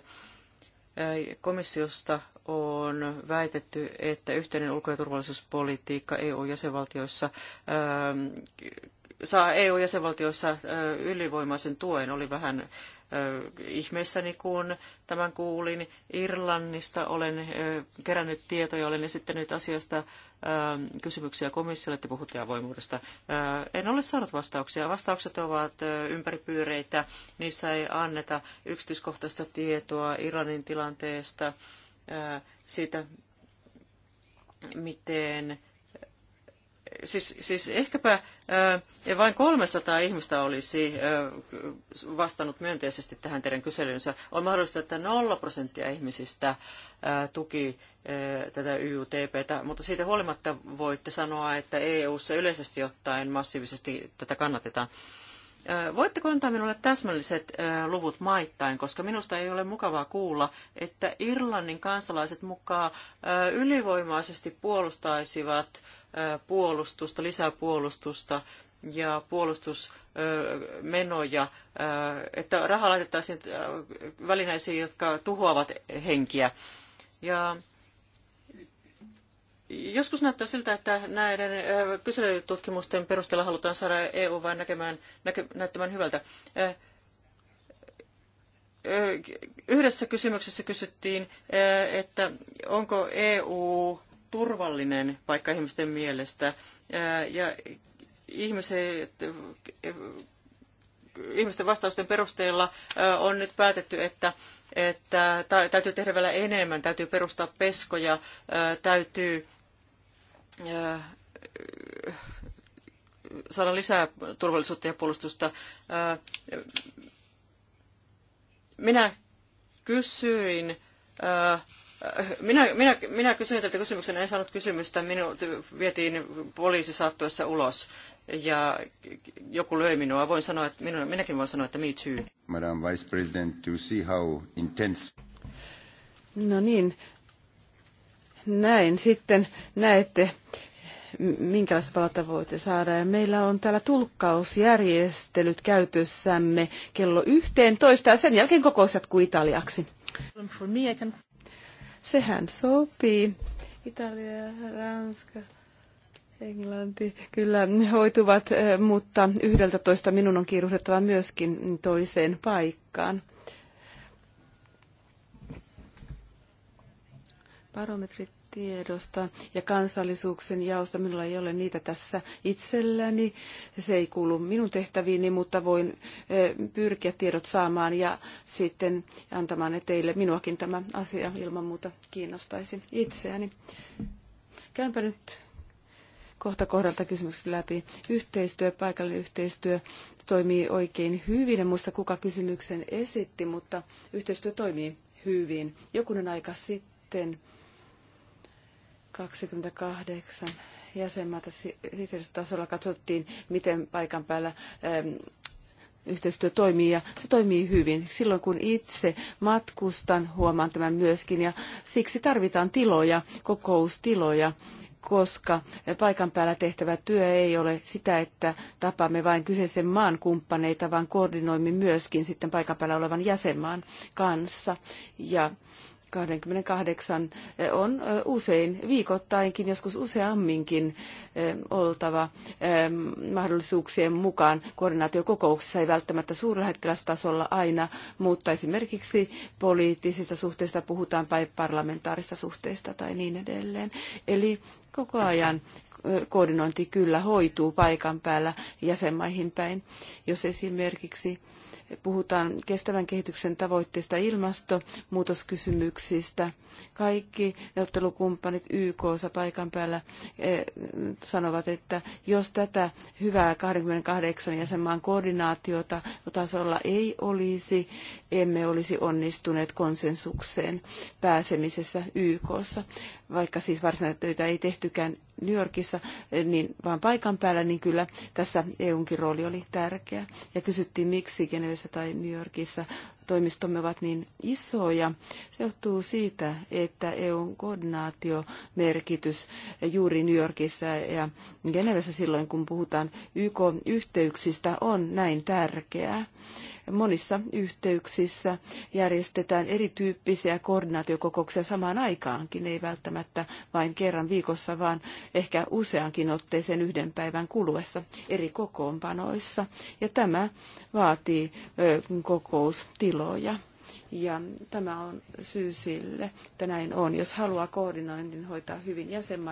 Komissiosta on väitetty, että yhteinen ulko- ja turvallisuuspolitiikka EU-jäsenvaltioissa saa EU-jäsenvaltioissa ylivoimaisen tuen. Oli vähän ihmeessäni, kun tämän kuulin. Irlannista olen kerännyt tietoja, olen esittänyt asiasta Ähm, kysymyksiä komissiolle, te puhutte avoimuudesta. Äh, en ole saanut vastauksia. Vastaukset ovat äh, ympäripyyreitä, niissä ei anneta yksityiskohtaista tietoa Iranin tilanteesta, äh, siitä miten... Siis, siis ehkäpä ja vain 300 ihmistä olisi vastannut myönteisesti tähän teidän kyselyynsä. On mahdollista, että 0 prosenttia ihmisistä tuki tätä YUTPtä, mutta siitä huolimatta voitte sanoa, että EU:ssa yleisesti ottaen massiivisesti tätä kannatetaan. Voitteko antaa minulle täsmälliset luvut maittain, koska minusta ei ole mukavaa kuulla, että Irlannin kansalaiset mukaan ylivoimaisesti puolustaisivat puolustusta, lisäpuolustusta ja puolustusmenoja, että raha laitettaisiin välineisiin, jotka tuhoavat henkiä. Ja Joskus näyttää siltä, että näiden kyselytutkimusten perusteella halutaan saada EU vain näkemään, näke, näyttämään hyvältä. Yhdessä kysymyksessä kysyttiin, että onko EU turvallinen paikka ihmisten mielestä. Ja ihmiset, ihmisten vastausten perusteella on nyt päätetty, että että täytyy tehdä vielä enemmän, täytyy perustaa peskoja, täytyy saada lisää turvallisuutta ja puolustusta. Minä kysyin Äh, minä, minä, minä kysyin tältä kysymyksen, en saanut kysymystä. Minut vietiin poliisi saattuessa ulos ja joku löi minua. Voin sanoa, että minäkin voin sanoa, että me too. Madam Vice President, to see how intense... No niin, näin sitten näette, minkälaista palautta voitte saada. Ja meillä on täällä tulkkausjärjestelyt käytössämme kello 11 ja sen jälkeen kokous jatkuu italiaksi. Sehän sopii. Italia, Ranska, Englanti kyllä hoituvat, eh, mutta yhdeltä toista minun on kiiruhdettava myöskin toiseen paikkaan. Barometrit tiedosta ja kansallisuuksien jaosta. Minulla ei ole niitä tässä itselläni. Se ei kuulu minun tehtäviini, mutta voin eh, pyrkiä tiedot saamaan ja sitten antamaan ne teille. Minuakin tämä asia ilman muuta kiinnostaisi itseäni. Käynpä nyt kohta kohdalta kysymykset läpi. Yhteistyö, paikallinen yhteistyö toimii oikein hyvin. En muista kuka kysymyksen esitti, mutta yhteistyö toimii hyvin. Jokunen aika sitten 28 jäsenmaata sihteeristötasolla katsottiin, miten paikan päällä ähm, yhteistyö toimii ja se toimii hyvin. Silloin kun itse matkustan, huomaan tämän myöskin ja siksi tarvitaan tiloja, kokoustiloja, koska paikan päällä tehtävä työ ei ole sitä, että tapaamme vain kyseisen maan kumppaneita, vaan koordinoimme myöskin sitten paikan päällä olevan jäsenmaan kanssa. Ja 28 eh, on eh, usein viikoittainkin, joskus useamminkin eh, oltava mahdollisuuksien mukaan koordinaatiokokouksissa, ei välttämättä suurlähettilästasolla aina, mutta esimerkiksi poliittisista suhteista puhutaan tai parlamentaarista suhteista tai niin edelleen. Eli koko ajan koordinointi kyllä hoituu paikan päällä jäsenmaihin päin. Jos esimerkiksi puhutaan kestävän kehityksen tavoitteista, ilmastonmuutoskysymyksistä. Kaikki neuvottelukumppanit YKssa paikan päällä eh, sanovat, että jos tätä hyvää 28 jäsenmaan koordinaatiota tasolla ei olisi, emme olisi onnistuneet konsensukseen pääsemisessä YKssa, vaikka siis varsinaisia töitä ei tehtykään New Yorkissa, eh, niin vaan paikan päällä, niin kyllä tässä EUnkin rooli oli tärkeä. Ja kysyttiin, miksi Genevessä tai New Yorkissa toimistomme ovat niin isoja. Se johtuu siitä, että EUn koordinaatiomerkitys juuri New Yorkissa ja Genevessä silloin, kun puhutaan YK-yhteyksistä, on näin tärkeää monissa yhteyksissä järjestetään erityyppisiä koordinaatiokokouksia samaan aikaankin, ei välttämättä vain kerran viikossa, vaan ehkä useankin otteeseen yhden päivän kuluessa eri kokoonpanoissa. Ja tämä vaatii kokoustiloja. Ja tämä on syy sille, että näin on. Jos haluaa koordinoinnin hoitaa hyvin jäsenmaissa,